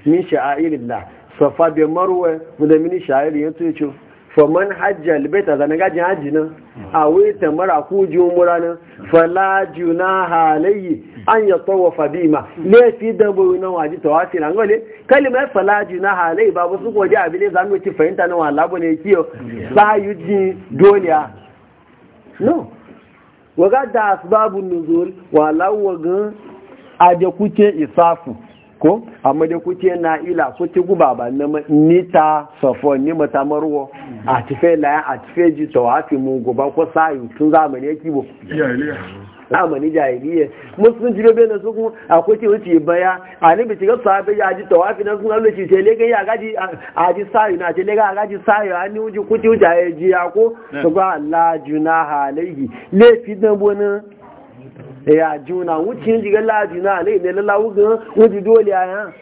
min sha'airillah safa bi marwa da min sha'airi yato yace fa man hajja al baita zan ga jin haji nan a wai tamara ku ji umra nan la junaha alayhi an yatawafa bima le fi dabu na waji tawafi nan gole fa la junaha alayhi babu su goje abi ne zan ci fahimta na wala bane kiyo sa yuji doliya no ga da asbabun nuzul wala a da kuke isafu ko amma da kuke na ila so ki guba ba na nita safo ni mata marwo a tife fe ya a tife fe ji to a fi mu guba ko sayu tun zamani yake bo amani jahiliya musulun jire bai na su kun akwai ce wuce baya a ni bi shiga sahabi ya ji tawafi na sun allo shi ce legan ya gaji a ji sayu na ce legan a gaji sayu a ni wuce kuce wuce a ya ya ko su eh. ba Allah junaha alaihi laifin na bonin ya juna wucin jiga laji na ne ne lalla wugan wuji dole aya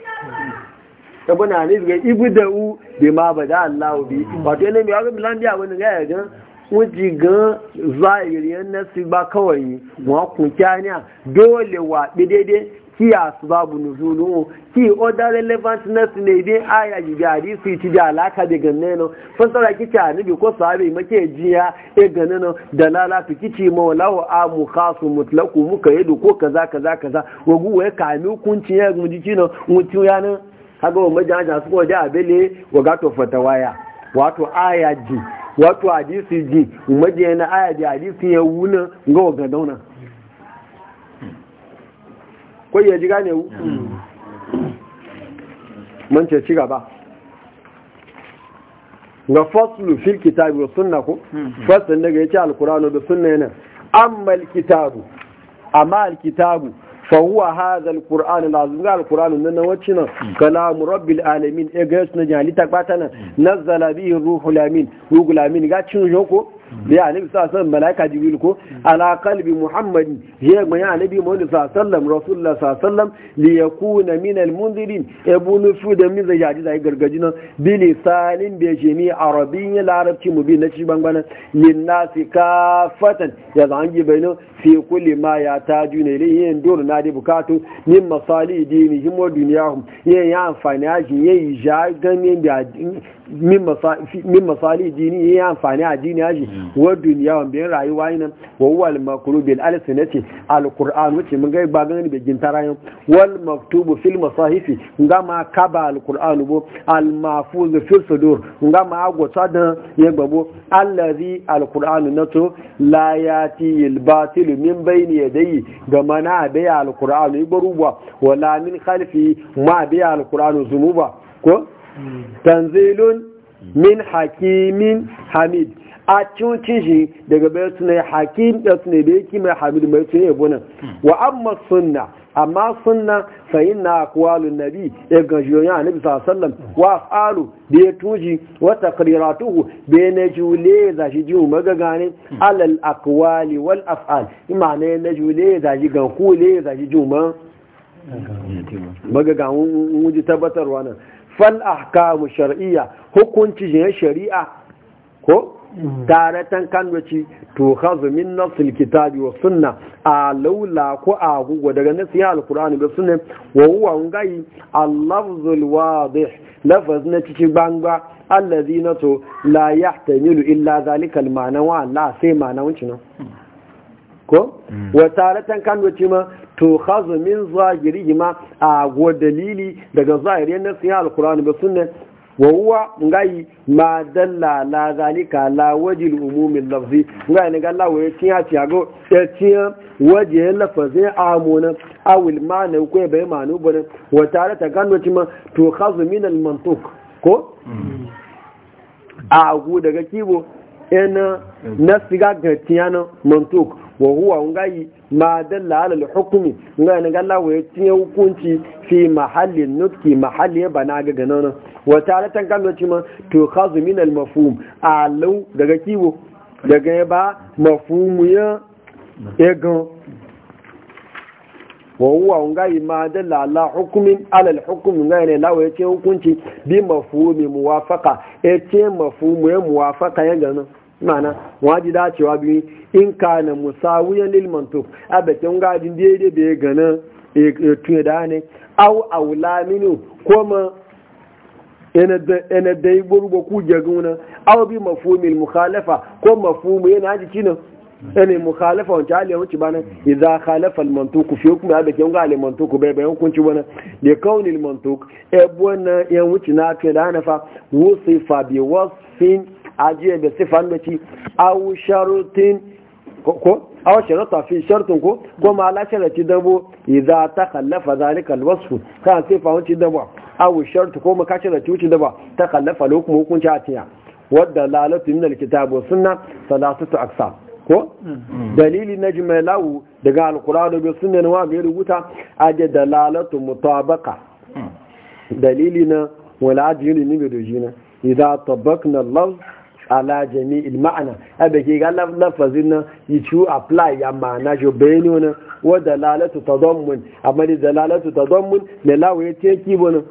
sabo na ne ga ibda'u bi ma bada Allah bi wato ne mi ga bilan biya wani ga ya gan wuji gan zahiriyan si ba kawai mu hakun kyaniya dole wa daidai ki asbabu nuzulu ki oda relevant na ne bi aya ji bi hadisi ti da alaka da ganne no fasara ki ta nabi ko sahabi make jiya e ganne no dalala fi kici mawlahu amu khasu mutlaqu muka yadu ko kaza kaza kaza ka mi kun ci ya mu jiki no mutu yana kaga wa ja su ko da abele ga to fatawaya wato aya ji wato hadisi ji na aya ji hadisi ya wuna ga wa ga dauna ko ya ji gane mm. mun ce ci gaba ga faslu fil kitabi wa sunna ko mm. fasalin ga yace alqur'ano da sunna yana amma alkitabu amma alkitabu fa huwa hadha alqur'an alazim ga alqur'an nan wacce nan mm. kalamu rabbil alamin e ga sunna jali ta kwata nan nazzala bihi ruhul amin ruhul amin ga cin yoko ya annabi sallallahu alaihi malaika jibril ko ala qalbi muhammadin ya ga ya annabi muhammad sallallahu alaihi wasallam rasulullah sallallahu alaihi wasallam li yakuna min al munzirin ibn fuda min zajaji zai gargajina bili salim bi jami arabiyyin larabci mubin na ci bangbana lin nasi kafatan ya zangi bainu fi kulli ma ya ne ilayhi yin dole na dai bukatu min masali dini him duniya duniyahum yin ya amfani aji yayi ja ganin da min masali dini ya amfani a dini aji mm. wa duniyahum bin rayuwa ina wa huwa al maqrub bil alsinati al qur'an wuce mun ga ba ganin bigin tarayin wal maktubu fil masahifi nga ma kaba al qur'an bo al mahfuz fil sudur nga ma da ya gbabo allazi al qur'an nato la yati al batil yunazzilu min bayni yadayhi ga mana da ya alqur'anu wala min khalfi ma da ya alqur'anu ko tanzilun min hakimin hamid a cikin daga bayan suna hakim da suna da yake mai hamid mai suna yabo nan wa amma sunna amma sunna sayin na kuwalin nabi ya gajiyo a nabi Sallam. wa Wata bi tuhu wa taqriratuhu bi jule za shi ji umaga gane alal akwali wal af'al na jule za shi ga kule za shi ji umaga maga ga wuji tabbatarwa nan fal ahkamu shari'a hukunci shari'a ko daratan mm. kan to hazu min nasul kitabi wa sunna a laula ko a gugu daga ya alkur'ani da sunna wa huwa ngai al-lafzul wadih lafaz na cikin gbangba allazi na to la milu illa zalikal ma'ana wa la sai ma'ana wancin ko mm. wa taratan kan ma to hazu min zahirihi ma a go dalili daga nasu ya alkur'ani da sunna wa huwa ngai ma dalla la zalika la wajil umumin lafzi ngai ne ga lawo ci ya ti ago yati waje lafazin amuna awil ma'ana ko bai ma'anu bane wa tare ta gano ma to khazu min al mantuq ko mm. a agu daga kibo ina nasiga ga tiyana wa huwa ngai ma dalla ala al-hukmi ngai ne la wa yace hukunci fi mahalli nutki mahalli bana ga ganan wa taratan kan lokaci ma to khazu min al-mafhum alu daga kiwo daga ba mafhumu ya egan wa huwa ngai ma dalla ala hukmin ala al-hukm ngai ne lawa yace hukunci bi mafhumi muwafaqa yace mafhumu ya muwafaqa ya ganan mana waji dacewa biyu in ka na musawiyan lilmanto a bakin gajin daidai da ya gana tuye da ne au aula minu ma yana da yi burba ku jaguna au bi mafumil mukhalafa ko mafumu yana haji kinan yana mukhalafa wancan hali wuce ba nan idza khalafa almantuku fi hukmi hada kin ga almantuku bai bayan kunci bana da kaunil mantuk e buwana yan wuce na fi da hanafa wusifa bi wasfin ajiye bi sifan da ci awu sharutin ko aw sharata fi shartin ko ko ma la sharati dabo idza takhallafa zalika alwasf ka sifa wuci dabo aw shart ko ma ka sharati wuci dabo takhallafa lokum hukunci atiya wadda lalatu min alkitab wa sunna salatu aksa ko mm-hmm. dalili na lahu daga alkur'ani bi sunna wa bi rubuta aje dalalatu mutabaqa mm. dalili na wala ajiri ni bi dojina idza tabaqna lafz ala jami'il ma'ana da ke ga lafazin nan yi ci apply ya ma'ana jo bayani wani wa dalalatu mun, amma da dalalatu tadammun ne lawa ya ce ki bane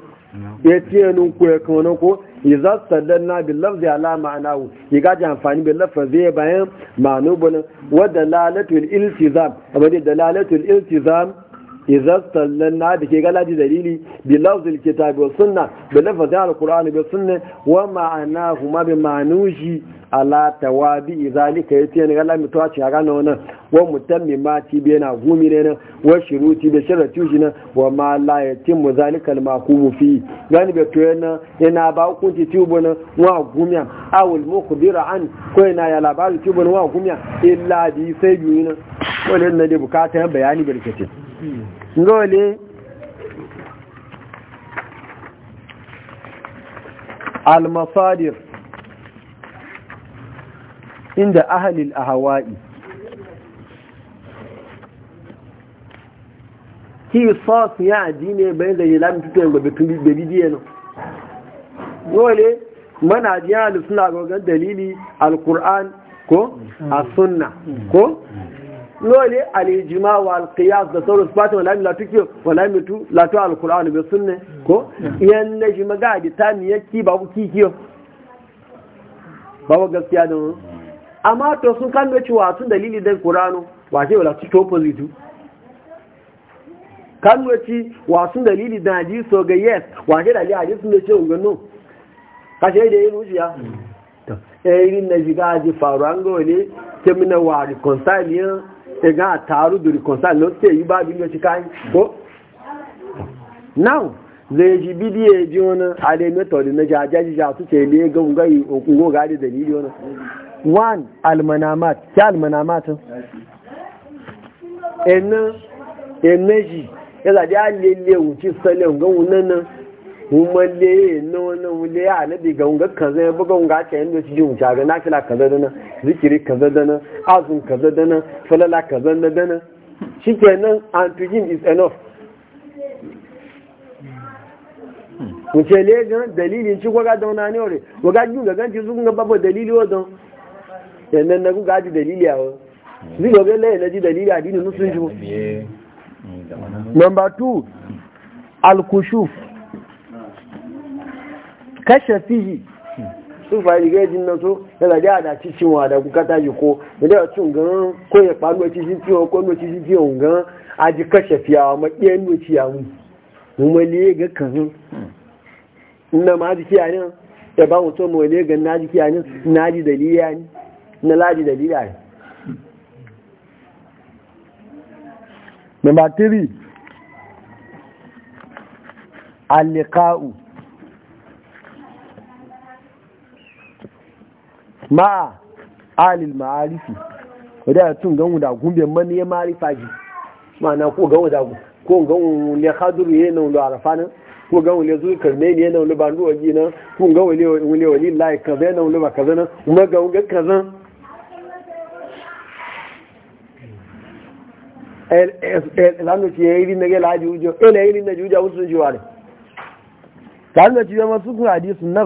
ya ce nun ko ya za ko idza sallanna bil lafzi ala ma'anahu yiga ji amfani bil lafzi bayan ma'anu bonan wa dalalatu al iltizam amma da dalalatu al iltizam idza sallanna da ke galaji dalili bi lafzil kitabi was sunna bi lafzil alqur'ani bi sunna wa ma'anahu ma bi ma'nushi ala tawabi zalika yace ne galaji to a ci ga nan wannan wa mutammimati bi na gumi ne nan wa shuruti bi sharatu shi nan wa ma la yatimmu zalika al mahkum fi gani bi to yana yana ba hukunci tubo nan wa gumiya awul mukhbira an ko yana ya labari tubo nan wa gumiya illa bi sai yuyin wannan ne bukatan bayani barkatin ngole al-masadir inda al-ahwa'i ki sos ya dine bayan da lam tuta ga bitun bidiye no dole mana jiya suna ga dalili al-qur'an ko as-sunna ko lole alijima wa alqiyas da sauran sifatu wala mi latuki wala mi tu latu alquran bi sunne ko yan naji maga di tani yaki babu kikiyo babu gaskiya da amma to sun kan da wasu tun dalili da qur'ano wa ce wala to opposite kan da wasu dalili da ji so ga yes wa ce dalili a ji sun da ce ungano kashe da yin wuciya mm. eh irin naji ga ji faru an ga wale ke mina wa reconcile ẹ̀gán àtàrù dòrì kọ̀nsá lọ sí èyí bá bí ló ti káyí kó now zai ji bidiyo e ji wani adai method na jajajija su ce ne ga ungayi ungo ga da dalili one almanamat umarle na wani wule ya nabi ga unga kaza ya buga unga ta yadda su ji wuce na kila kaza dana zikiri kaza dana azun kaza dana falala kaza na dana shi ke nan and to him is enough ce le gan dalilin ko ga da wani ne ore ga yi ga ji su babu dalili wa don yannan na kuka ji dalili a wani zai ga le na ji dalili a dinin musulunci number 2 al-kushuf kashe fihi sun fa riga jin nan so ya da a da cikin wa da kuka ta yi ko da tun gan ko ya faru cikin ciwo ko no cikin ciwo gan a ji kashe fiya ma ɗiyan no ciya mu mu mali ga kan na ma ji kiya ne ya ba mu to mu ne ga na ji kiya ne na ji dalila ne na laji dalila ne number 3 al-liqa'u ma alil ma'arifi wadda ya tun ganwu da gumbe mani ya ma'arifa ji ma'ana ko ganwu da ko ganwu ne haduru ya nan lo arafanin ko ganwu ne zuwa karne ne nan lo bandu waje nan ko ganwu le wani lai kaza nan lo ba kaza nan kuma ganwu ga kaza lánàá ti yẹ irin nẹgẹ láàájú ìjọ ilẹ̀ irin nẹjú a òsùn jù wà rẹ̀ lánàá ti ma ọmọ sókùn àdísùn náà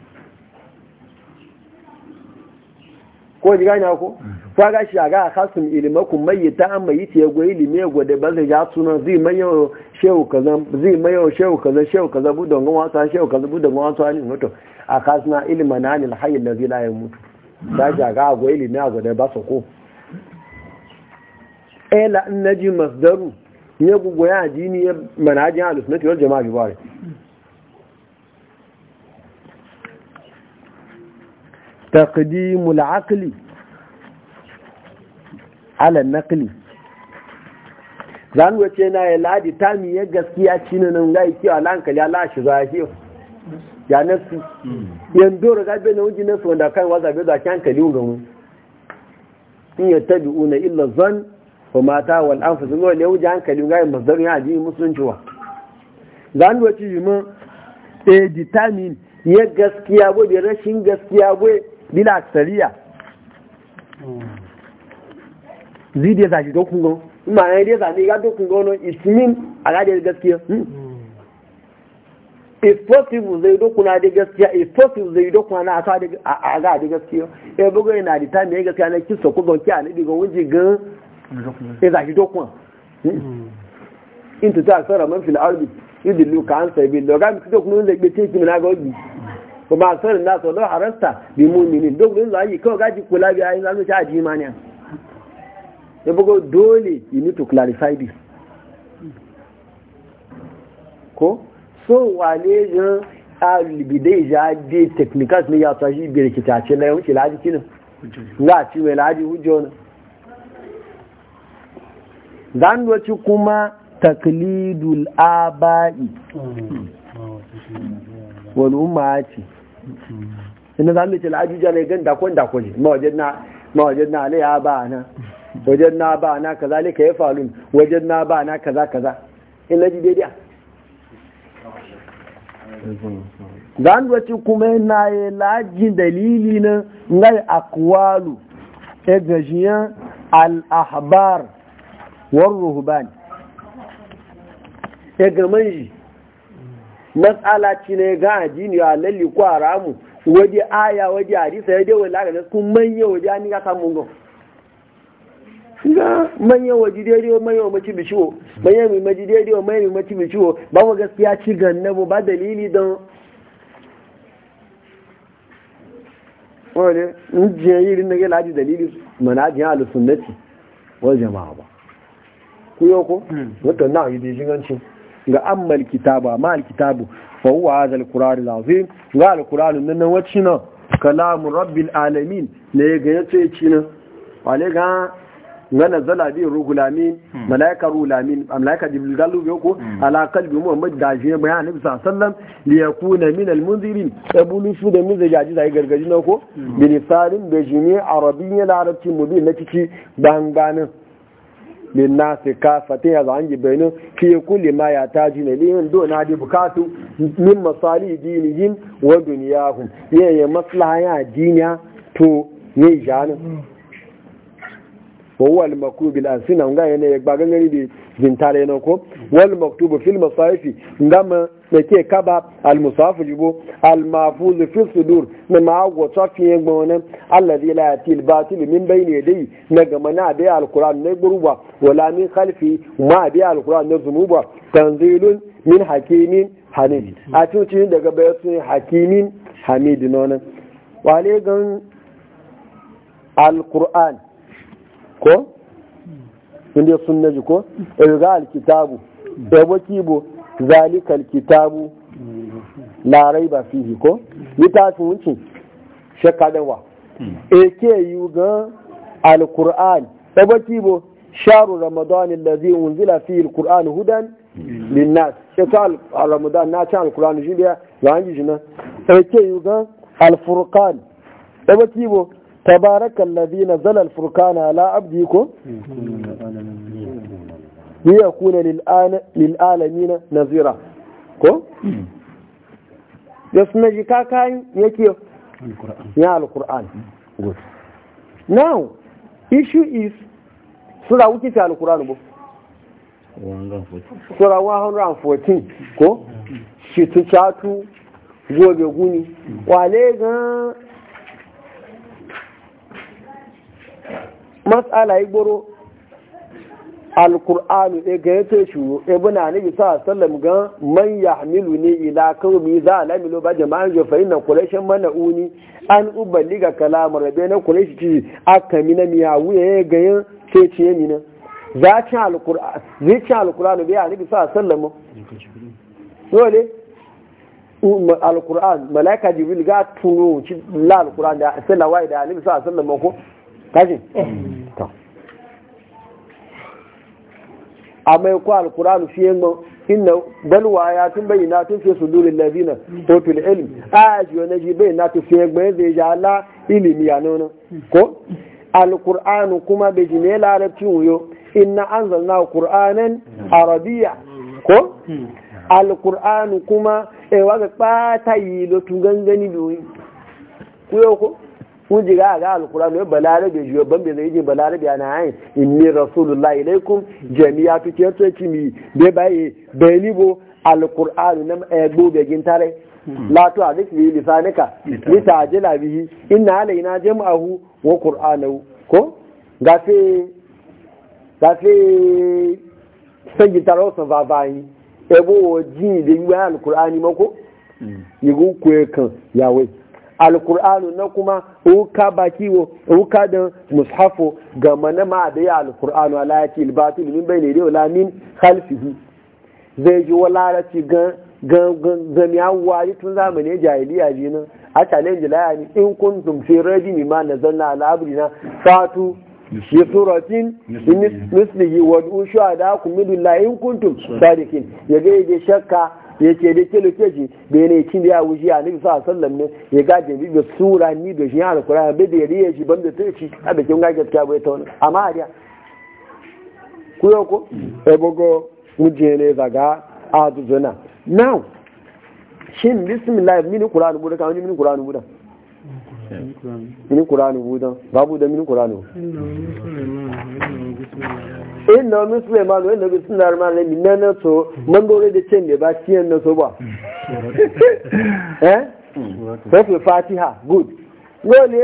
ko ji gane ko fa ga shi ga khasum ilmakum mai ta an yi ta go ilimi go da bazai ya suna zai mayo shehu kaza zai mayo shehu kaza shehu kaza bu don gwa sa shehu kaza bu don gwa sa ni mutu a khasna ilman an al hayy allazi la yamut da ga ga go ilimi go da ba ko ela naji masdaru ne gugu ya dini manajin al-sunnah wal jama'a bi bare taqdimul aqli ala naqli zan wace na ya ladi ta mi ya gaskiya ne nan ga yake ala hankali ala shi zahiyo ya nasu yanzu raga bai na wuji nasu wanda kan waza bai zaki hankali ga mu in ya tabi una illa zan wa mata wal anfus ga ne wuji hankali ga mazdarin ya ji musulunci wa zan wace yi ma e determine ya gaskiya bo da rashin gaskiya bo bila aksariya zai da zashi dokun gon ma ya da zashi ga dokun gon no ismin alade gaskiya if possible zai dokuna da gaskiya if possible zai dokuna na aka a ga da gaskiya e eh, bugo ina da time ya gaskiya na kiso ko gon kiya ne diga wunji ga e zashi dokun hmm. in tuta sara man fil ardi yudillu kan sabi logam kido kun zai gbe teki na gogi kuma a sanin nasu wadda harasta bi mumini duk rin yi kawai gaji kula biya yin zanu ta mani maniya ya bugo dole you need to clarify this ko so wale yin libidai ya de technicals ne ya tashi bi rikitace na yawanci laji kina za a ci mai laji hujjo na zanwaci kuma taklidul aba'i hmm. Hmm. umma ce inda za mu ce la'ajuja ne gan dakon dakon ne mawajen na alaiya ba na wajen na ba na kaza ne ka yi falun wajen na ba na kaza kaza ina ji daidai za zan wace kuma na yi laji dalili na ngai akwalu ya e gajiyan al'ahbar war ruhban ya e gaman shi matsala ci ne ga addini ya lalli ko haramu waje aya waje hadisa ya dewa lagana na kun manya waje an ga samu go ga manya waje dai dai manya mace bi ciwo manya mi maji dai dai manya mi mace bi ciwo ba mu gaskiya ci gannabo ba dalili don wani injiyar yi rinna gala ji dalili manajin al-sunnati wajen jama'a ba ku yi ko hmm. wata na yi dijin gancin ga ammal kitaba ma alkitabu fa huwa hadha alquran alazim ga alquran nan wacce na kalamu rabbil alamin ne ga yace ci na wale ga ngana nazala bi amin hmm. malaika amin malaika jibril galu bi ko hmm. ala qalbi muhammad da je bayan nabi sallallahu li yakuna min al munzirin abulu su da mun zaji da gargaji na ko hmm. bi lisanin bi jini arabiyya larabci mubin na ciki bangana linnasi kafatin ya zangi bainu fi kulli ma ya taji ne liyin do na di bukatu min masali dinihim wa dunyahum ye ye maslaha ya dinya to ye jana wa wal makubil asina nga ne ya gbagangani bi zintare na ko wal maktubu fil masahifi ngama da ke kaba al musafu jibo al mafuz fil sudur na tafi tsafiye gbawanan allazi la yatil batil min bayni yadayhi na ga na bi al qur'an ne gurba wala min khalfi ma bi al qur'an ne zunuba tanzilun min hakimin hamid hmm. a cikin daga bayan hakimin hamid nonan wale gan al qur'an ko inda sun na jiko irga alkitabu yabo kibo zalika alkitabu larai ba fihi ko littafin wuce wa ake yi ga alkur'an yabo kibo sharu ramadan allazi unzila fihi alkur'an hudan nas shekal ramadan na ta alkur'an jibiya ga an jina ake yi ga alfurqan yabo kibo تبارك الذي نزل الفرقان على عبده liyakuna lil'alamina nazira ko da suna ji kakayin yake ya alkur'an good now issue is sura wuce fi alkur'an bu sura 114 ko shi tu chatu gobe guni wale gan masala igboro alkur'anu ɗaya e ga yace shuro e buna nabi bisa sallam ga man yahmilu ila kaumi za la milu ba jama'a jo fa inna mana uni an ga kalam rabe na quraishi ci aka mina miya wuya ga yin ce ce mina za ci alkur'an zai ci alkur'anu bi nabi bisa sallam dole alkur'an malaika jibril ga tuno ci la alkur'an da sallawa da nabi sa sallam ko kaji mm. to amma ya kwa alkur'anu fi yin inna balwa ya tun bayyana tun fi su durin lazina totul ilm a ji wani ji bayyana tun fi yin zai ja ala ilimi ya nuna ko alkur'anu kuma bai ji ne larabci wuyo inna an zalna kur'anin arabiya ko alkur'anu kuma ewa ga ɓata yi lotun gangani biyu ko kun ji ga ga alkur'ani wai balarabe jiyo ban bai zai balarabe ana hain inni rasulullahi ilaikum jami'a tuke yato yake mi bai bai bai libo alkur'ani na egbo begin tare la tu adik bi lisanika li ta'jila bihi inna alaina jam'ahu wa qur'anahu ko gafe gafe sanji taro so babayi ebo ji de gbe alkur'ani mako mm. yigu kwe kan yawe alkur'anu na kuma wuka baki wo wuka da mushafo ga mana ma da ya alkur'anu ala ya ce ilbatul min bai ne da wala min khalfihi zai ji wala da ci gan ya wari tun zamanin jahiliya ji nan a challenge la ni in kun kuntum fi ne ma zanna al'abri na fatu bisuratin mislihi wa ushu adakum ku la in kuntum sadiqin ya yaje shakka ya ce da kilo ke shi bai ne cin ya wuce ya nufi sa sallan ne ya gaje bi da sura ni da shi ya kura bai da ya riye shi ban da sai a da kin ga gaskiya bai ta wani amma a riya ku yau ko e bogo muje ne ga a duzuna now shin bismillah mini qur'an Bude ka mini qur'an buda mini qur'an buda babu da mini qur'an buda in na wani suleiman na nabi suna rama na mi na naso man gore da cin ne ba ciyan so ba eh sai fatiha good dole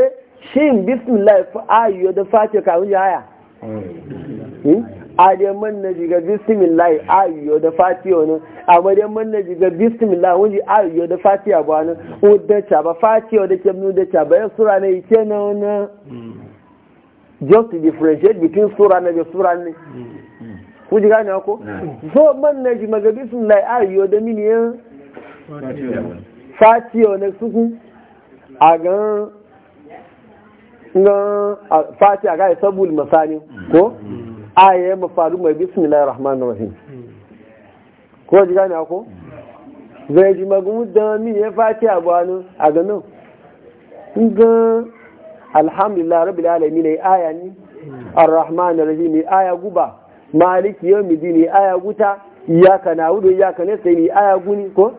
shin bismillah fa ayo da fatiha ka wuya haya a dai man na jiga bismillah ayo da fatiha ne amma dai man na jiga bismillah wani ayo da fatiha ba ne udacha ba fatiha da kemnu da ta ba sura ne na wannan just to differentiate between sura na da sura ne hmm, hmm. ku ji gane ko hmm. so man na ji magabi sun lai ayo da mini yan eh? fatiyo na suku a gan na fati a ga e, sabul masani ko aya e, ma faru mai bismillahir rahmanir rahim ko ji gane ko zai ji magamu da mini ya e, fati a gwanu a ganin ga alhamdulillah rabbil alamin ne aya ni arrahman arrahim ne aya guba maliki yawmiddin ne aya guta iyyaka na'budu iyyaka nasta'in ne aya guni ko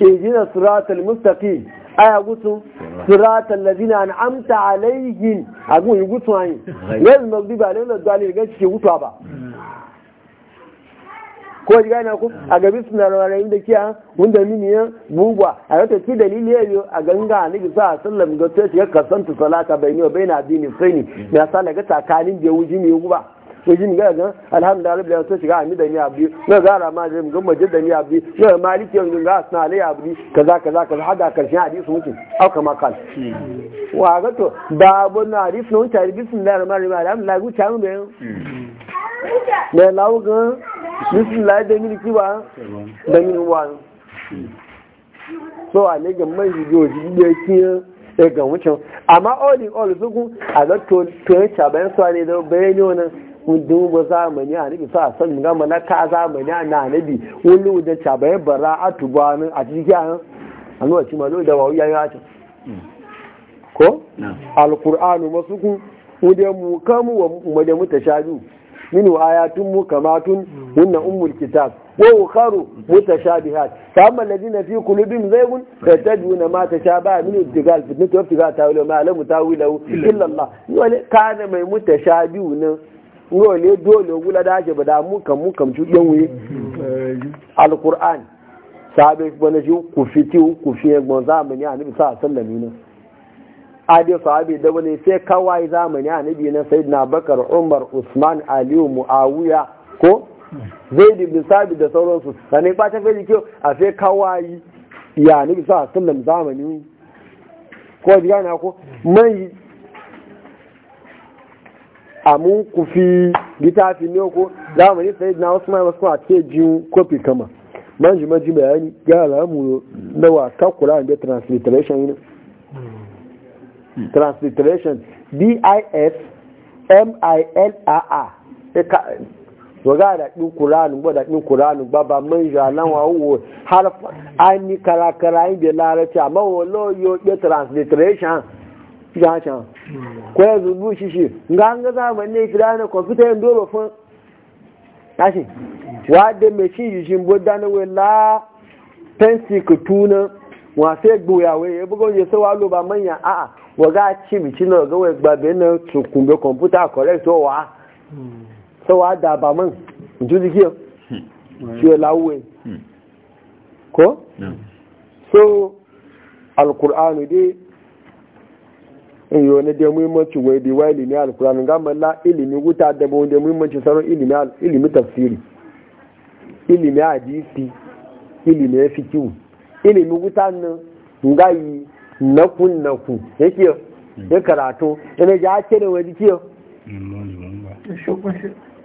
ihdina siratal mustaqim aya gutu siratal ladina an'amta alaihim agun gutu ayin yanzu magdiba ne da dalil ga cike gutu ba ko ji gane ku a gabi suna rarrayin da kiya wanda mini ya bugwa a yata ki dalili ya yi a ganga ni bisa sallam ga ta ya kasanta salata bai ne bai na dini sai ne ya sa ga tsakanin da wuji ne guba wuji ne ga ga alhamdulillah rabbil alamin shiga amida ni abdi na gara ma da mun majid da ni abdi na maliki yanzu ga asna ali abdi kaza kaza kaza hada karshen hadisi mutum au kama kan wa ga to babu na hadisi non tare bismillahir rahmanir rahim la gu chamu be ne lawo gan bismillah da miliki ba da mini wani so a ne gamman yiwu ji iya kiyan ya ga wucin amma all in all suku a ga toye cabayan suwa ne da bayani wani wudin ba zamani a nabi sa san ga malaka zamani a na nabi wani da cabayan bara a tubanin a cikin yaran a lokaci ma da wawu yayin hacin ko alkur'anu masu ku wudan mu kamu wa mutashabi min ayatun mukamatun hunna ummul kitab wa ukharu mutashabihat fa amma alladhina fi qulubihim zaygun yatajuna ma tashabaha min ibtigal fitnatu ibtigal tawila ma lam tawilahu illa Allah wala kana mai mutashabihun ngole dole gula da ake bada mu kan mu kan cuɗin wuyi alquran sabe bana ji ku fiti ku fiye gon zamani annabi sallallahu alaihi wasallam adi sahabi da wani sai kawai zamani annabi na sayyidina bakar umar usman aliyu muawiya ko zaid ibn sabit da sauransu sanin ba ta fili kyau a sai kawai ya annabi sa sallam zamani ko ji na ko mai amun kufi littafi ne ko zamani sayyidina usman wasu a ce jiyu kofi kama manji manji bayani ga alamu na wa kakura da transliteration ne Hmm. transliteration d-i-s-m-i-l-r-r waga da ɗin kuranu ba da ɗin kuranu ba ba man ja wa wo har an ni kara kara yin da larabci amma wo lo yo ɗe transliteration ja can hmm. ko ya zubu shi shi nga an ga zamani ne kira na kwamfuta yin dole fun tashi hmm. wa da me shi yi shi bo da na we la pensi ku tuna wa sai gboyawe ya e bugo ya sawa lo ba manya a'a waga ci bici na ga wai gbabe na tukunbe computer correct wa so wa da ba man juji kiyo shi hmm. lawe hmm. ko so alqur'anu dai in yi dai muhimmanci wai bi wa ilimi alqur'anu gama la ilimi wuta da ba wanda muhimmanci sauran ilimi ilimi tafsiri ilimi hadisi ilimi fikihu ilimi wuta nan ngayi nakun naku ke ya karatu yana ji ake da wani ke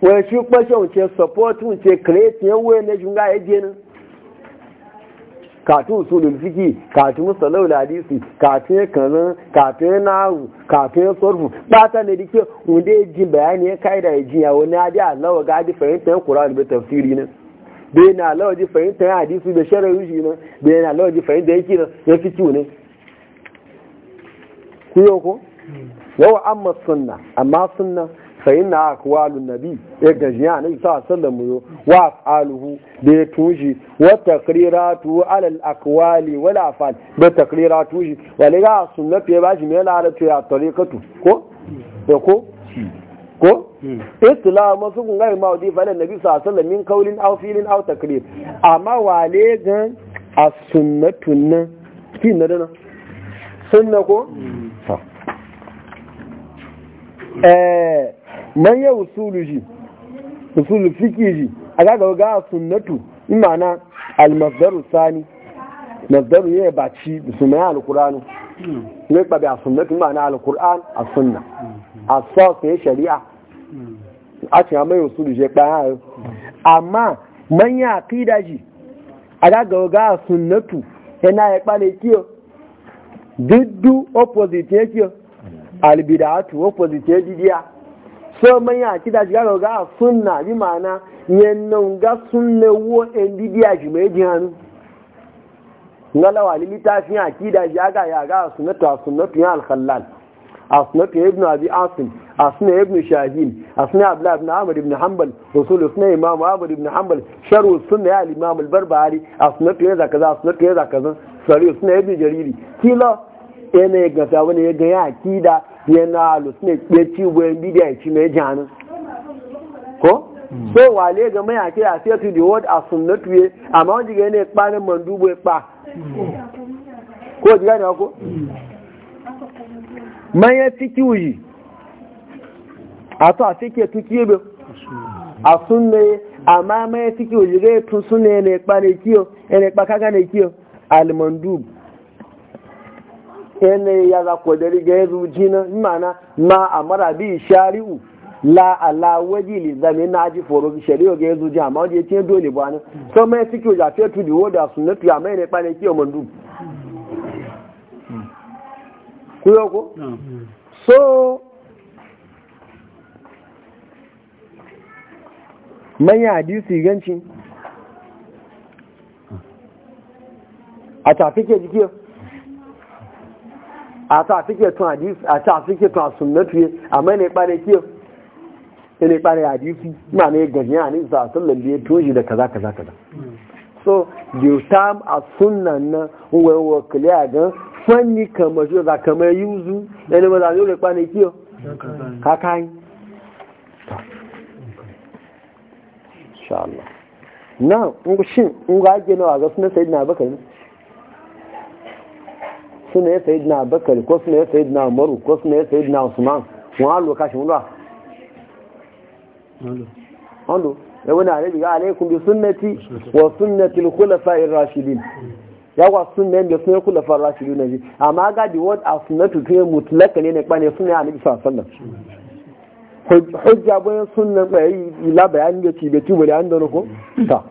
wani shi kwashe wuce support ce create yan wuyan na shunga ya je nan katun usulul fiki katun laula hadisi katun ya kanzu katun ya nahu katun ya sorfu bata ne dike wanda ya ji bayani ya kai da ya ji yawon na adi allawa ga hadi fahimtar kur'an da tafsiri nan bai na allawa ji fahimtar hadisi da shara yushi nan bai na allawa ji fahimtar ya kira ya fi ciwo ne kuyo ko yawa amma sunna amma sunna sayin na aqwalu nabi ya gajiya ne sa sallan yo wa aluhu da ya tuji wa takriratu alal al aqwali wal afal da takriratu shi sunna fiye ba shi me la ta ya tariqatu ko ko ko itla masu kun gari ma'udi falin nabi sa sallam min kaulin au filin aw takrir amma wale gan as sunnatun nan kin da nan sunna ko Eh, man ya usulu ji usulu fiki ji a ga ga sunnatu imana almasdaru sani masdaru ya ba ci bismillah alqur'ani hmm. ne ba ba sunnatu imana alqur'an as-sunna hmm. as-sas hmm. ya shari'a a ce mai usulu je ba amma man ya aqida ji a ga ga sunnatu yana ya kpale kiyo diddu opposite yake albidatu opposite didiya so manya kida shiga ga sunna bi ma'ana yannan ga sunna wo en didiya shi mai jihanu ngala wali litafin akida ya ga ya ga sunnatu sunnatu ya al-khallal asnatu ibn abi asim asna ibn shahin asna abdullah ibn amr ibn hanbal usul usna imam ahmad ibn hanbal sharu sunna ya al-imam al-barbahari asnatu ya kaza asnatu ya kaza sari usna ibn jariri kila yana ya gasa wani ya gaya akida yana alusne ya ci goyon bidiyar ci mai janin ko hmm. so wale ga mai ake a sai to the word as sunnatu ye amma wani ga yana kpa na mandubo hmm. hmm. ya kpa ko ji gane ko man ya ci kiwuyi a to a sai ke tuki ebe a sunne amma mai ya ci kiwuyi ga ya tun sunne yana ekpa na kiyo yana ekpa kaga na kiyo almandubo yanayi ya za ku dari ga yanzu jina mana ma a mara bi shari'u la ala waji li zami na ji foro shari'o ga yanzu jina amma ya tiyan dole ba so mai suke ya fiye tu di woda su na tuya mai ne kpanin kiyo mandu kuyo ko so hadisi ganci a tafi ke àti àtíkẹ̀ tún a àti àtíkẹ̀ tún àsùnmẹ́tìyẹ àmọ́ ẹni ìparí kí o ẹni ìparí àdífì máa ní gànjẹ́ àní da kaza kaza kaza so the time àsúnà náà wọ́n wọ́n fanni kamar sí ọ̀dà kamar yíwúzú ẹni wọ́n dàbí ó lè parí kí o kákáyín inshallah now shin in ga ake nawa ga sayyidina suna ya sayi na bakar ko suna ya sayi na maru ko suna ya sayi na usman wọn alo kashi wọn lọ ya wani arabi ga alaikun bi sunnati wa sunnati kulafa rashidin, ya wa sunna yadda suna kulafa rashidin na ji amma ga di word a sunnatu tun ya mutulaka ne na kpane suna ya anabi sallam hujja bayan sunan kwayayi ila bayanin da ci bai tuba da an ko ta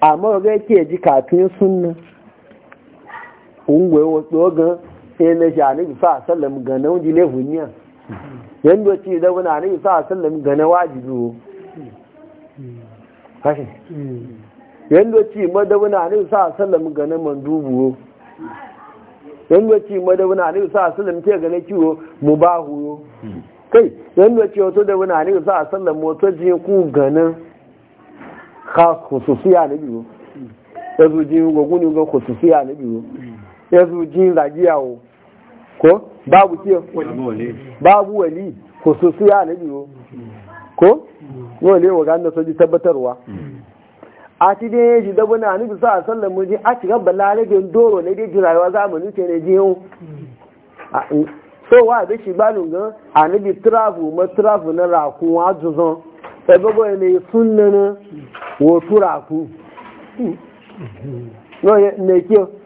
amma ga yake ji kafin sunna ungwe wato ga sai na sha ne sa sallam ga na wani lefin niya yan da ci da wani ne sa sallam ga na wajibi kashi yan da ci ma da wani ne sa sallam ga na mandubu yan da ci ma da wani ne sa sallam ce ga na kiwo mubahu kai yan da ci wato da wani ne sa sallam wato ji ku ga na khas khususiya ne biyo yanzu ji gogun ga khususiya ne biyo yanzu jin jin o, ko babu ke babu wali ko so su ya nabi ko wale wa ganda soji tabbatarwa hmm. a ti dai yaji da wani anabi sa a sallan mu a ci gaba lalagin doro na dai rayuwa zamani ce ne jiyo so wa da shi balun ga anabi trafu ma trafu na raku wa juzon sai e ya ne sunna na wotu turaku hmm. hmm. no ne kiyo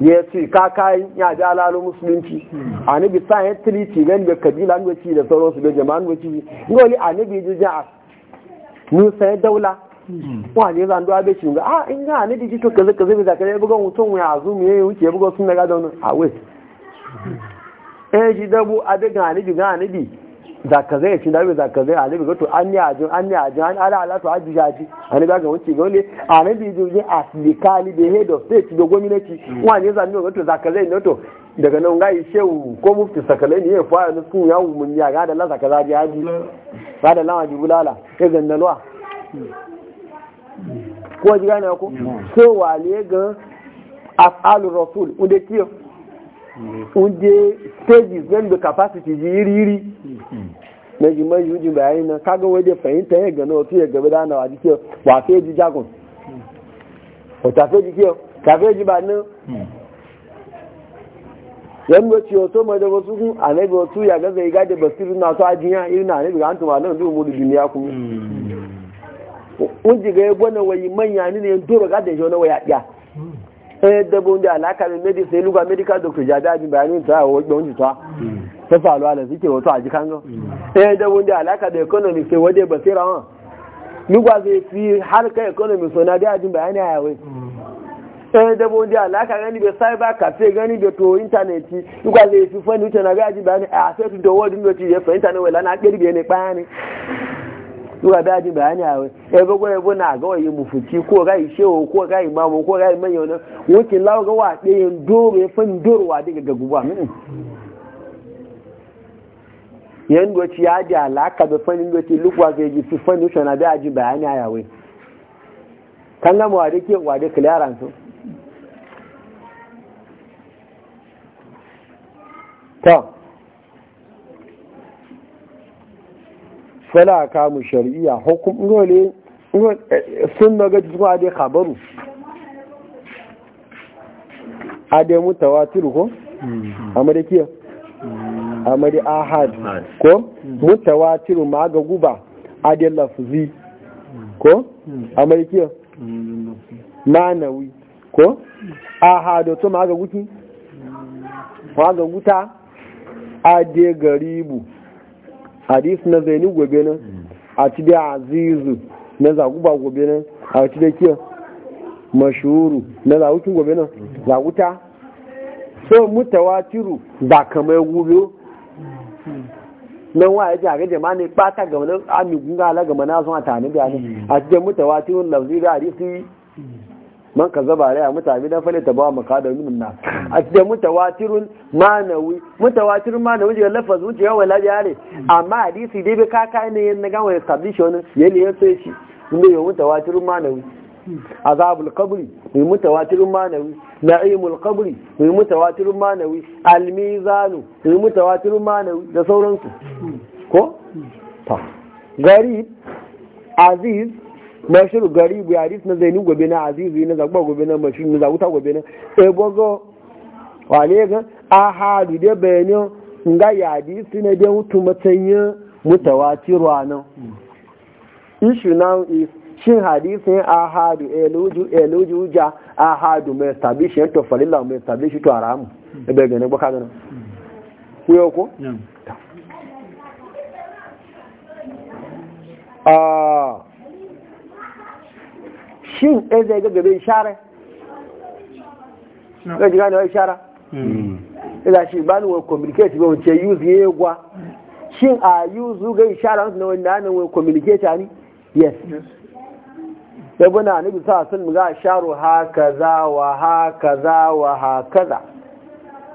ya ce ka kakayin ya ji alalun musulunci hmm. a nabi sa ya tiliti gan da kabila nwaci da sauransu da jama'a nwaci ngoli a nabi ji ja'a nusa ya daula hmm. wa ne zan duwa bai shiga a ah, in ga nabi ji to kaza kaza bai zakare bugan mutum ya azu mu yayi wuce bugan sun daga da wannan a wai hmm. eh ji dabu a daga nabi ga nabi zakazai ya ci da bai zakazai a nabi gato an yajin an yajin an ala ala to haji jaji a nabi ga wuce ga wani bi nabi jirgin aslikali da head of state da gwamnati wani zan nuna gato zakazai ne to daga nan ga shehu ko mufti sakalai ne ya fara na sun yawo mun ya ga da la zakaza ji ba da lawa ji bulala ya e ganda lawa ko ji gane ko so wale ga af'alu rasul unde kiyo unde stages when the capacity ji yiri yiri na ji mai yujin bayani na kaga waje fahimta ya gano wasu ya gaba dana wa jike wa fe ji jagun hmm. o ta fe jike ka fe ji ba nan yan ba ciwo to mai da wasu kun annabi wasu ya ga zai gade basiru na so ajiya irin na annabi ga antum alan du mudu duniya kuma un ji ga yabo na wayi manya ni ne duro ga da jona waya ya eh dabo da alaka da eh, medical sai luga medical jabi abin bayanin ta wa gbe wunji ta hmm. ta ala suke wato a jikan ga hmm. eh dabo da alaka da economy basira wa luga zai fi harka economy so na da abin bayani a yawai hmm. eh gani fi wuce na bayani a sai ne duka bai ajin bayani a wai ya bago ya buna ga wai mufuci ko ga yi shewa ko ga yi mamu ko ga yi manya wani wuce lawa ga wa ɗayan hmm. doro ya fin dorowa daga a yan doci ya ji alaka da fanin doci lukwa zai ji fi fanin shana bai ajin bayani a wai kan gama wa da ke wa ara to fala kamu shari'a hukum ngole sun naga jikin ade khabaru ade mutawatir ko amma da Amade amma da ahad ko mutawatir ma ga guba ade lafzi ko amma da kiyo manawi ko ahad to ma ga guki ma ga guta ade garibu hadis na zaini gobe nan a ci da azizu na zaguba gobe nan a ci da kiyar mashuru na zagukin gobe nan zaguta so mutawatiru ba kamar gobe nan wa ya ji a gaje ne ba ta gama na amigun gala gama na zuwa tani da ne a cikin mutawatiru lafzi da hadisi man ka zaba rai mutane dan fale ta ba da min na a ce mutawatirun manawi mutawatirun manawi ga lafaz wuce ya wala yare amma hadisi dai bai kaka ne yan na gawa establish wani yele ya so shi inda ya mutawatirun manawi azabul qabri mai mutawatirun manawi na'imul qabri mai mutawatirun manawi almizanu mai mutawatirun manawi da sauransu ko ta gari aziz mashiru garibu ya hadis na zainu gobe na azizu na zagba gobe na mashiru na zaguta gobe na ebogo wale ga ahadu da bayanin nga ya hadisi na da mutu matsayin mutawatiru a issue now is shin hadisin ahadu eluju eluju uja ahadu mai establish yanto farilla mai establish to haramu hmm. ebe ga ne baka gana ku ko ah shin ɗaya zai ga gabe share ga ji da wai shara hmm. ila shi ba ni wai communicate ba wace use ya gwa shin a use ga shara na wanda nan wai communicate ni yes gwana na bi sa sun ga sharo haka za wa haka za wa haka za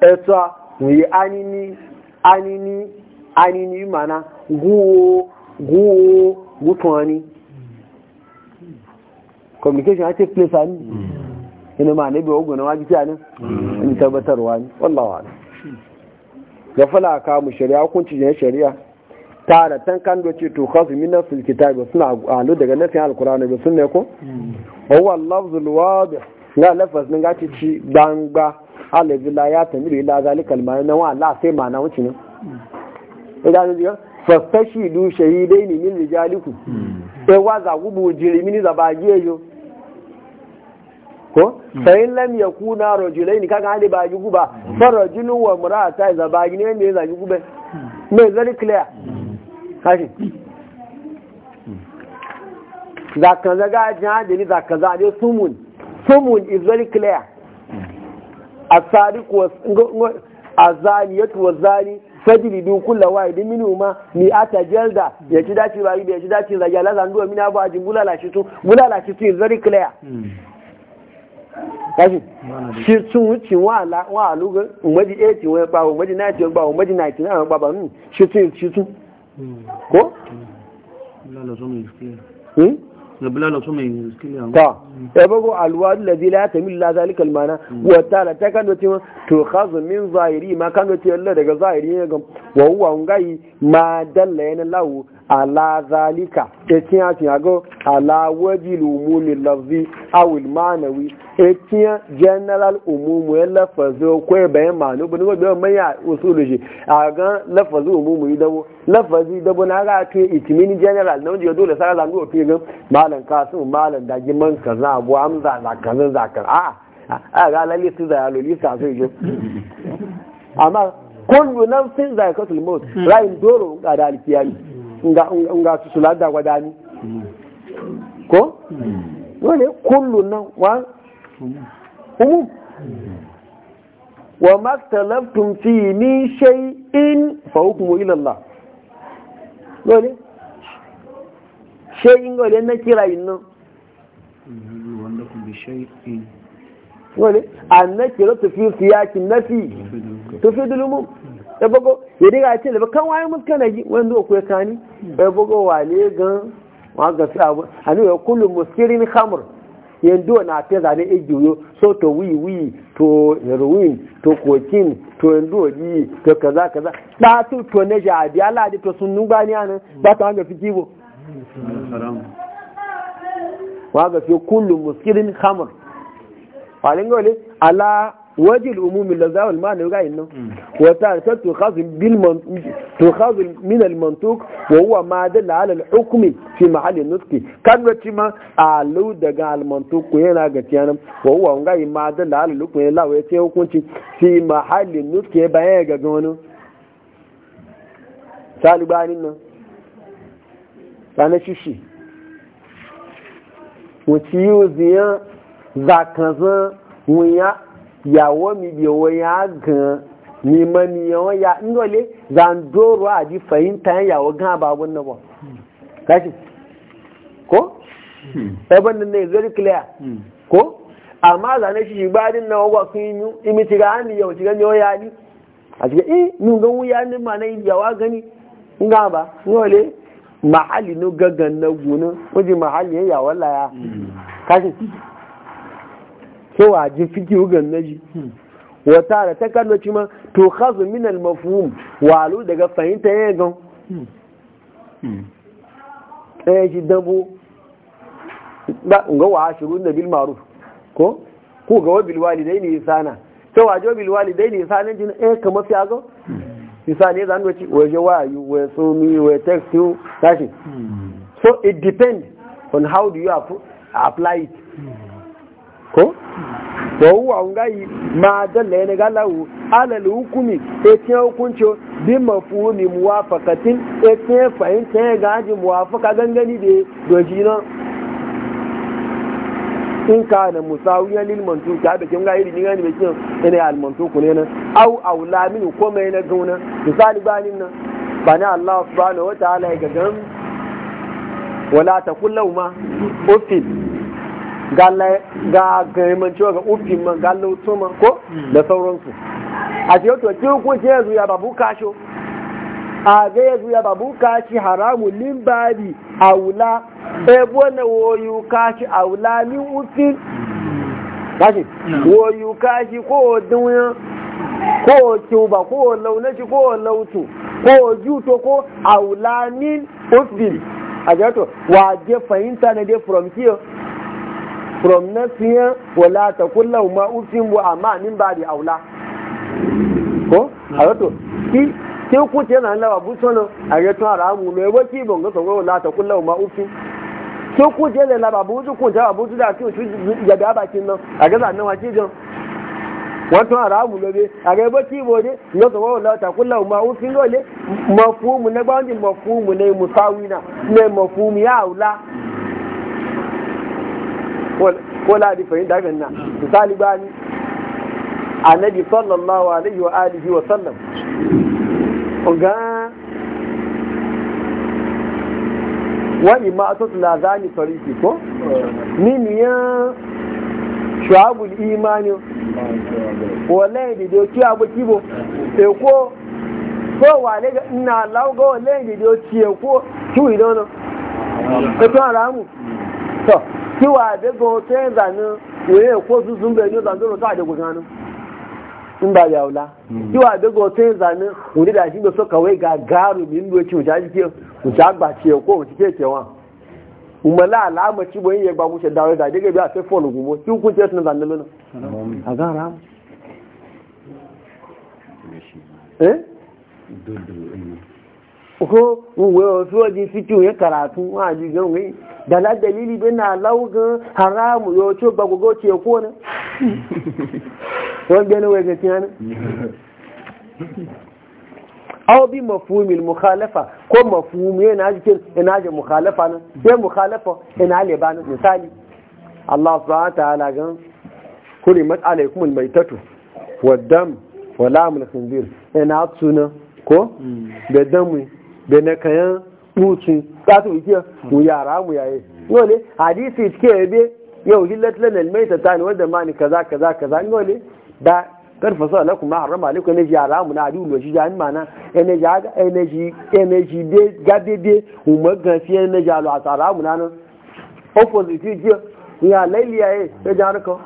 eto yi anini anini anini mana guwo guwo gutuwani communication a take place ani ina ma ne biyo gona waji ta ne in tabbatarwa ne wallahi wala ya fala ka mu shari'a hukunci ne shari'a tare tan kan doce to khasu min nasil kitabi suna alu daga nasin alqur'ani da sunne ko hmm. huwa lafzul wadih na lafaz nan ga ci dangba alabi la ya tamiru ila zalika almana wa la sai mana wuce ne hmm. idan ne fastashidu shahidaini min rijalikum hmm. e wa za gubu jirimini za ba giye yo ko sayin mm. lam ya kuna rojulai ni kaga hali ba yugu ba mm. fa rajulu wa murata za ba gini ne ya zagi gube mm. me zari clear kashi za ka zaga jan da ni za ka za ne sumun sumun is very clear A a tsari asariq was azaniyatu wazani fajiri du idin minu ma ni ata jelda ya ci dace ba yi ya ci dace za ya lazan mina ba jin bulala shi tu bulala shi tu is very clear kashi shi sun wuce wa alugar umarji 80 wani ba umarji 90 wani ba umarji 90 wani ba ba nun shi sun shi sun ko? Hmm? ta yabago alwadu da zila ya tamilu la zalika almana wata da ta kano cewa to khazu min zahiri ma kano ce yalla daga zahiri ne ga wa huwa ngai ma dalla yana lawo ala zalika etiyan ti ago ala wajil umumi lafzi awil manawi etiyan general umum ya e lafazi ko ya bayan manu bu nigo biyo manya usuluji aga lafazi umumu idabo lafzi dabo na ga ke itimini general na wuje dole sala lango go ga. malan kasu malan daji man kaza abu amza za kaza za a a ga lalle su da yalo sa sai je amma kullu nafsin zaikatul maut hmm. rayin doro ga da alkiyami nga su sula da gwadani ko wani kullun nan wa Umu. wa maktalabtum fi ni shay'in fa hukmu ila Allah wani shay'in wani na kira yin nan wani an na kira tafi siyakin nafi tafi dulumum ya bago ya diga ce da kan waye muska na ji wanda ko ya kani ya bago wale gan wa sa abu ani ya kullu muskirin khamr yando na ta zane ejiyo so to wi wi to heroin to kokin to yando ji to kaza kaza da tu to ne ja bi ala di to sunnu bani anan ba ta ga fikibo wa ga fi kullu muskirin khamr walin gole ala وجه الأموم اللذاء المعنى يقع إنه وتعرفت تخاذ من المنطوق وهو ما دل على الحكم في محل النطق كان وشما أعلو دقاء المنطوق وينا قتيانا وهو ما دل على الحكم لا ويتيه كنت في محل النطق يبعيه قونه سالي بانين سانا ششي وتيو زيان ذاكنا زيان yàwó mi bi wọ́n yà gan ni ma ni yawon ya ngole zandoro a ji fahimta yawon na ba kashi ko? ebe da ne very clear ko? amma zane shi gbadin na wagwa sun yi imi shiga hannu ya ni a shiga eh nun gan wuya ni na yawa gani nga ba ngole mahali nu gaggan na gunu wajen mahali so ji fiki na ji? wata da ta kallo ci ma to khazu min al mafhum walu daga fahimta yayin gan eh shi dabo ba ga wa shirun da bil ma'ruf ko ko ga wa bil walidaini isana to wa jo bil walidaini isana jin eh kamar fi ago isani zan doci waje wa yu wa so mi wa text you tashi so it depend on how do you apply it ko wa huwa ngai ma dalla yana galahu alal hukumi etin hukuncio bi mafhumi muwafaqatin etin fahimta ya gaji muwafaqa gangani da doji na in kana musawiyan lil mantuq ka da kin ga iri ni gani bakin ina al mantuq ne nan au la min ko mai na gauna misali banin nan bani Allah subhanahu wa ta'ala ya gagan wala takullu ma ufil ga gaiman cewa ga ufin man ga lauto man ko hmm. da sauransu a ce yato ki hukunci ya babu kasho a ga ya babu kashi haramu min babi aula ebo na woyu kashi aula min ufin kashi woyu kashi ko dunya ko tuba ko launaci ko lautu ko juto ko aula min ufin a ce yato wa je fahimta na dai from here from nasiya wala ta kullu ma usim wa amma min ba da aula ko a wato ki ki ku ce na lawa bu sono a ga to ara mu me wa ki bon ga so wala ta kullu ma usim ki ku ce da lawa bu ju ku ja bu ju da ki ju ya da bakin nan a ga zannan wa ki jon wato ara mu lobe a ga ba ki bo ne no so wala ta kullu ma usim gole mafhumu na gbanji mafhumu ne musawina ne mafhumu ya aula ko ladi fahimta kan na misali bani annabi sallallahu alaihi wa alihi wa sallam ga wani ma asosu na zani fariki ko miniyan shu'abul imani wallahi da doki abu kibo eko ko wale ga ina lauga wallahi da doki eko tu idono ko to aramu to kí wà àdégò tó ń zà ní ìwé èkó tuntun bẹ̀ ní ìzàndóró tó àdégò gan ní ńgbà yàwùlá kí wà àdégò tó ń zà ní òdídà sí ga gáàrù mi nínú etí òjá jíkẹ́ òjá gbà tí èkó òjì kéèké wọn umala alama ci bo yegba mu dawo da daga biya sai fon gumo ki ku ce sun zanne lona a ga eh ko wo so di fitu ya karatu wa ji gan da la dalili bin na laugun haramu yo ce ba gogo ce ko ne wanda ne wai ga tiyana aw bi mafhumil mukhalafa ko mafhumi yana jikin ina e je mukhalafa nan sai mukhalafa ina e le ba misali Allah subhanahu wa ta'ala gan kuri mas'alaikum almaytatu waddam wala amul khinzir ina e tsuna ko da hmm. damu da na kayan wuce za su wuce mu yara mu yaye dole hadisi cike yabe yau hillat lana almayta tani wanda ma ni kaza kaza kaza dole da karfa sa lakum ma harama alaikum ne yara mu na adu loji jani mana ene ja energy energy de gadede umagan fi ene ja lo asara mu na no opposite ji ya laili yaye ya jarko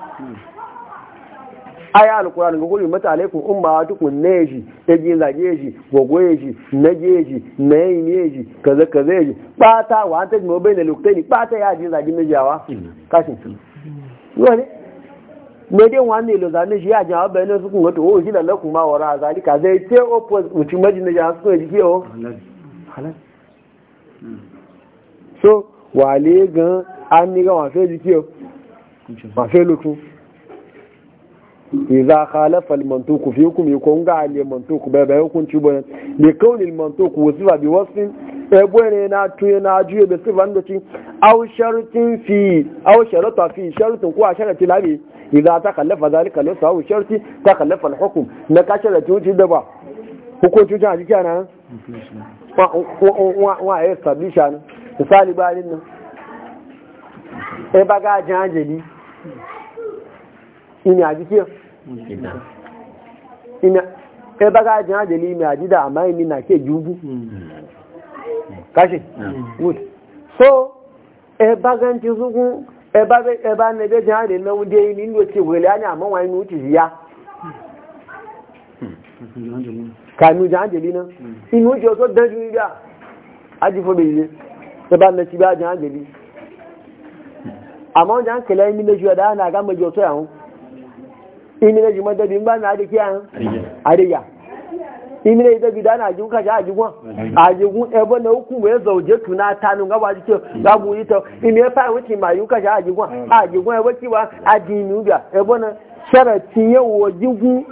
aya alkur'ani ga kullu mata alaikum ummatukum neji yaji zageji gogoyeji nageji nayineji kaza kaza yaji bata wa ta mu bainal uktaini bata ya ji zagi najawa kashin wani me dai wani lo zane shi ya ji hawa bayanan su wato o oh, shi da lakum ma wara zalika zai ce opposite mutum majin najawa su ne jike o halal so wale gan an ni ga wa fe jike o wa fe lokun idza khalafa al-mantuq fikum yakun ga al-mantuq ba ba yakun ci bon kauni al-mantuq wasifa bi wasfin e na tuye na juye be sifan da aw sharatin fi aw sharata fi sharatin ko sharati labi idza takhallafa zalika law sawu sharati takhallafa al-hukm na ka sharati wuce da ba hukunci ta ji wa wa e baga ina ina kai baga jin ajali mai ajida amma yi na ke jubu kashi hmm. Hmm. good so e bagan ti zugun e ba be e ba ne be jin ajali na wunde yi ni ndo ti wele ani amma wani nu ti ya hmm. kanu jin ajali na inu ji oso dan ju ya aji fo be ile e ba ne ti ba jin ajali amma jan kele mi le ju da na ga mejo to ya hun imina ji na da kiyan ariya imina ita gida na jin kashi a jigun a na hukun mai zauje tuna ta mm. mm. na gaba ji ce gabu yi ime ya fa ma yi kashi a jigun a jigun ebe ki ba a ebe na sharatin yawo jigun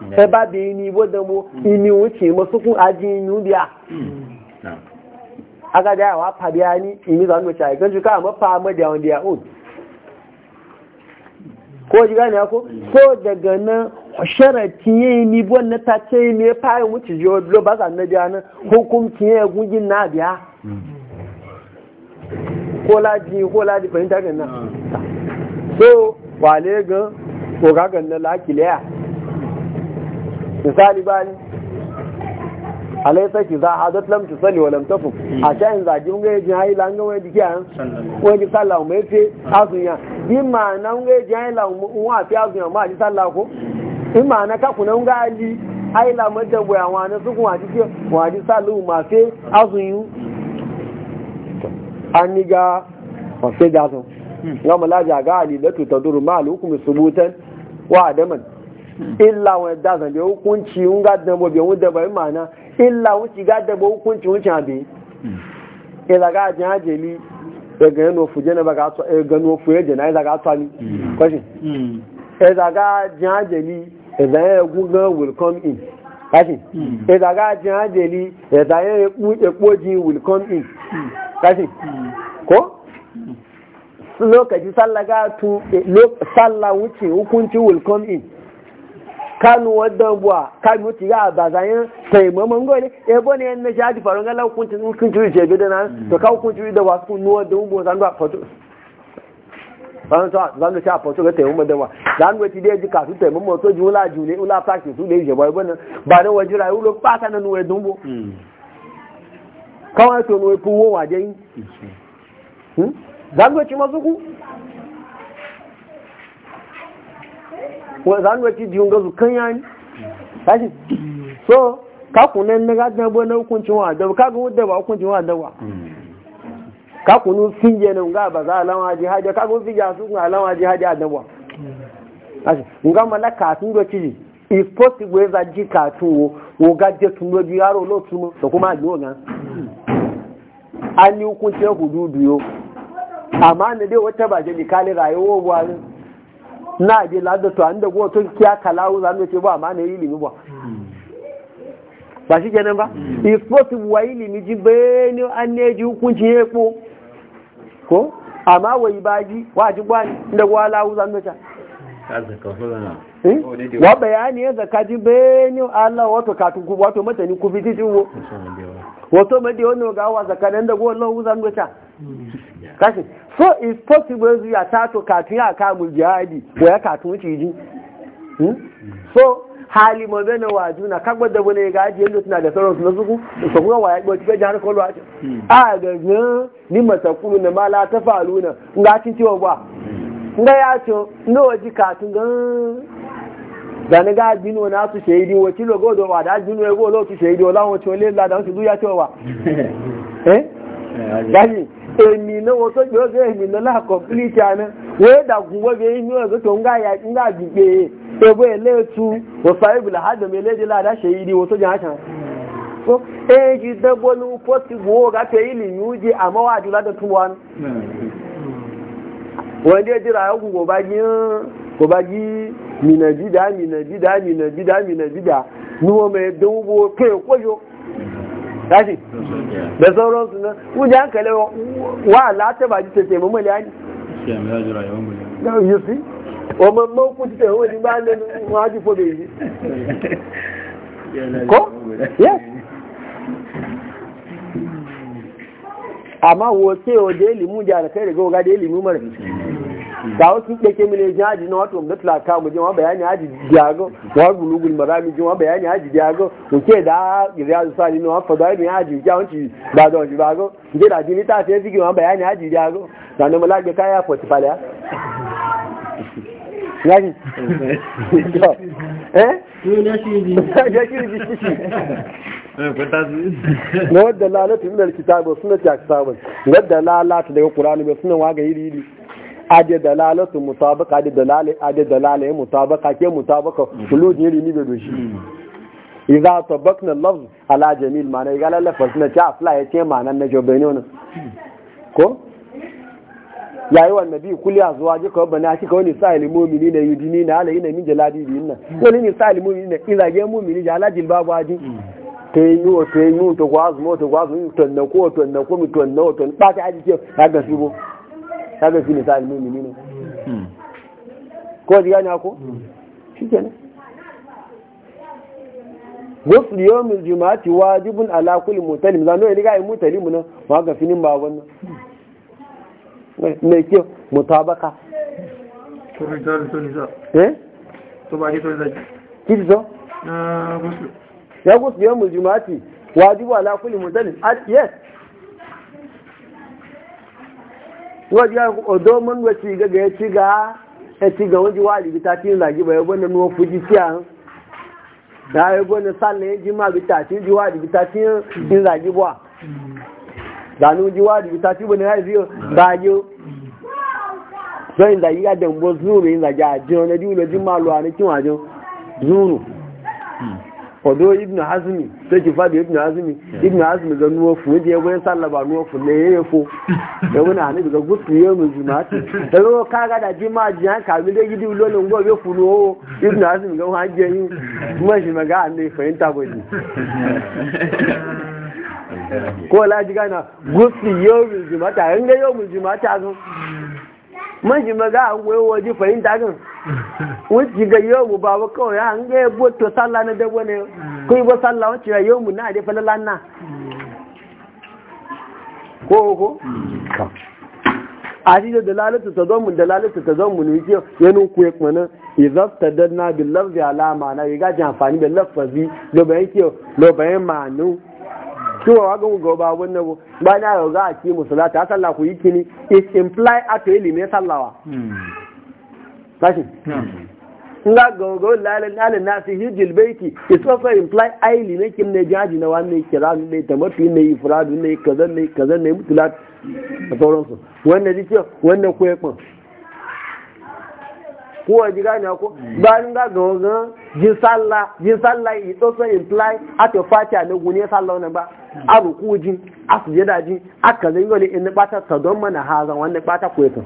mm. ebe bi ni bo da mu imi wuce da ni imi kan ju ka ko ji gane ko so daga nan sharatin yayi ni na ta ce ne fayi wuce jiyo lo ba zan biya nan hukumcin yayi gungin na biya ko laji ko laji fahimta ga nan so wale ga ko ga ganna la kiliya laya misali bani Alai saki za hadat lam sani wa lam a sha zagi zaji mun ga ji hayi lan ga wai dike an wai ji sallah mu azunya bi ma nan ga hayi lan mu fi azunya ma ji sallah ko in ma na ka kunan hayi lan da boya wa na su kuma dike wa ji sallu ma fi azunyu an ni ga wa fi da sun ga hmm. ga ali da tutaduru ma subutan wa adaman illa wani dazan da hukunci un ga dambo bai wun da bai mana illa wuci ga dambo hukunci wucin abi hmm. ila ga ajin ajeli ya e ga yano fuje na baga to ya e gano e ga hmm. hmm. ajeli gugan will come in kwashin ila ga ajin ajeli ila ekpoji will come in kwashin ko lokaci sallah ga tu sallah wuce hukunci will come in kanu wadda buwa ka ti ya ba zayin sai mamman gole e bone yan na jadi faron ga lau kunti kun turi je bidan nan to ka kun turi da wasu kun nuwa da ubo zan ba foto ban to zan ga cha foto ga tayi mu ti ji ka su tayi mu to ji wala a wala practice su dai je boy bone ba da waji rayu lo pata na nuwa dumbo kawai wa zan wace jiyun ga su kan yani so ka na gadan na hukuncin wa da ka wadda ba hukuncin wa ka ne nga ba za ji hajji ka go ya su nga alawa jihadi da ba tashi nga malaka sun do ciji is possible za ji ka tu wo ga je yaro lo tun kuma gan an yi hukuncin hududu yo amma ne dai wata ba je ni kale rayuwa na bi lada to an da go to kiya kalawu za mu ce ba ma ne ilimi ba ba shi kenan ba hmm. if possible wa ilimi ji bene an ne ji hukunci ya ko ko amma wai baji wa ji gwani da gwa lawu za mu ce eh? wa bayani ya zaka ji bene Allah wato katun ku wato matani ku fiti ji wo wato madi wannan ga wa zakanan da gwa lawu za mu ce hmm. kashi so it's possible yanzu ya tato katun ya kamu jihadi wa ya katun so hali mo wa na kagbo da bone ga ji yendo tuna da na zuku so kuma wa ya gbo tibe jihar a ga ga ni masakulu na mala ta faluna nga cin ciwo ba nga ya ce ndo waji katun ga da ni ga binu na su shehidi wa kilo godo wa da ya go lo le la da su duya cewa eh èmi náà wọ́n tó gbé ọgẹ́ èmi náà lákọ̀ọ́pìlìtì àná wọ́n be dàgùn wọ́n bẹ́ẹ̀ inú ẹ̀gbẹ́ tó ń gá ya ń gá gbígbé ebo eléetu wọ́n fa ibùdó àádọ́mi láàdá ṣe yìí ni wọ́n tó jẹ́ àṣà. so èyí dẹ́gbọ́n ní pọ́tì wo gàtẹ́ yìí nìyí ó àmọ́ wà jù ládọ́ tashi mm-hmm. da sauransu na wuce hankali wa alata ba ji ta yi ba ne yi ko yes amma wo se o de limu ja kai daga ga de limu mara ga wasu ɗake mile jin haji na wato gwamnati laka mu jin bayani haji diago wa gulugul mara jin wa bayani haji diago mu ke da na fada haji ja wanci ba da wanci ba go da jini ta sai fiki wa bayani haji diago sanan mala ga kaya foti pala yani eh, eh na wadda lalata min alkitabu suna ta sabon wadda lalata daga qur'ani ba suna waga iri ade dalalatu mutabaka ade dalale ade dalale mutabaka ke mutabaka fulud yiri ni bedo shi idza tabakna lafz ala jamil mana ya la lafz na ta afla ya ce mana na jobe ne wannan ko yayi wa nabi kulli azwa ji ko bana shi ko ni yudini na ala ina min jaladi din dinna ko ni sa'il mu'minina idza ga mu'mini jala jilbabu aji to yi wa to yi to kwazu mo to gwazu to na ko to na ko mi to na to ba ta aji ke ga gasibo kaga fi misali mumini ne hmm. ko ji gane ko shi kenan gusul yawmil juma'ati wajibun ala kulli mutalim zanu riga yi mutalim nan ma ga finin ba wannan me ke mutabaka to rijal to nisa eh to ba ki to nisa kizo ya gusul yawmil juma'ati wajibu ala kulli mutalim ah, yes wọ́n odo ọ̀dọ́ mọ́nú ẹ̀tì ga ẹ̀tì ga etiga ga wọ́n ti wá àlìbí ta ti ń làjì bọ̀ ẹ̀bọ́n ní wọ́n na sí àrùn dáa ẹ̀bọ́n ní sálẹ̀ ẹ̀jì máa bí ta ti ń wá àlìbí ta ti ń làjì bọ̀ dànù ti wá àlìbí ta ti bọ̀ ní láìsí báyọ̀ odo ibnu hazmi sai ki fadi ibnu hazmi ibnu hazmi ga nuwa fu da yabo ya sallaba nuwa fu ne yayi fu da wani hanabi ga gusu ya mu jumati da go kaga da jima ji han ka mi da gidi lolon oh, oh. go be fu no ibnu hazmi ga ha je yi kuma shi maga an ne fahimta go ji ko la ji gana gusu ya mu jumata an ga ya mu jumata zo manji maga agwai waje fahimta kan wuce ga yau ba kawai an ga sallah na dabo ne ko yi ba sallah ya yau na da na ko ko da ta zon mu ta zon mu ne yanu ku ya kuma na izafta danna bil lafzi ala ma'ana ya gaji amfani da lafazi da ma'anu kiwa wa gan ga ba wannan bu ba na yau za a ki musulata sallah ku yi kini it imply ato ilimi sallawa hmm. tashi hmm. nga ga ga lalan lalan na fi hijil baiti it also imply aili ne kin ne jaji na wannan kira ne mafi ne ifradu ne kazan ne kazan ne mutulat da sauransu wannan dike wannan ko yakon kowa ji gane ko hmm. bayan ga ga jin sallah jin sallah it also imply ato fatiha na gune sallah wannan ba a rukujin a sujadajin a kaza yi wani inda bata ta don mana haza wanda bata kwetan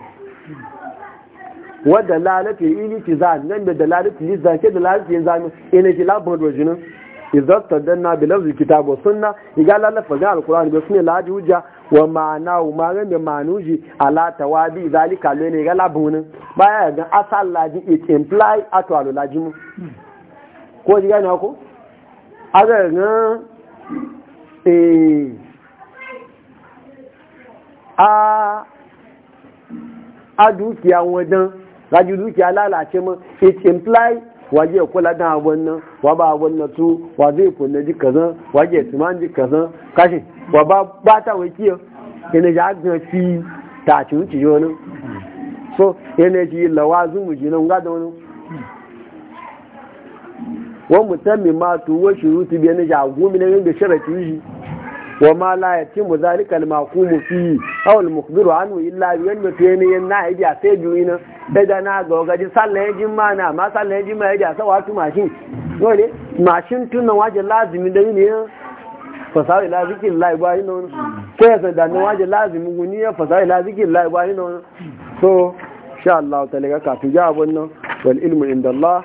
wadda yi ili ki za nan da lalafi yi zan ke da lalafi yin zami ina ki labar rojinin izarta dan na bi lafzi kitabu sunna iga lalafa ga alkurani ba sunne laji hujja wa ma'ana wa ma'ana da manuji ala tawabi zalika lo ne ga labunin baya ga asal laji it imply ato alo laji mu ko ji ga na ko aga ga Eh. a dukiya wadan raju dukiya lalace ma it imply waje ya kula da wannan wa ba wannan su wa zai kunna ji kazan waje ya tuman ji kazan kashi wa ba ba ta waki ga fi ta ci wuce yo so yana ji lawazu mu ji nan ga da wa musammi ma tuwo shiru shuruti biyan na jagumi ne yin da sharafi shi wa ma la ya ci mu zalika al mu fi aw al mukhbiru anhu illa bi yan mutu yana yan na idi a sai biyu na sai da na ga gaji sallan jin ma na ma sallan jin ma idi a sa wato mashin dole mashin tun nan waje lazimi da yin ne fasawi la zikin la ba yin non ko ya da nan waje lazimi guni ya fasawi la zikin la ba yin non so insha Allah ta lega ka tuja wannan wal ilmu inda Allah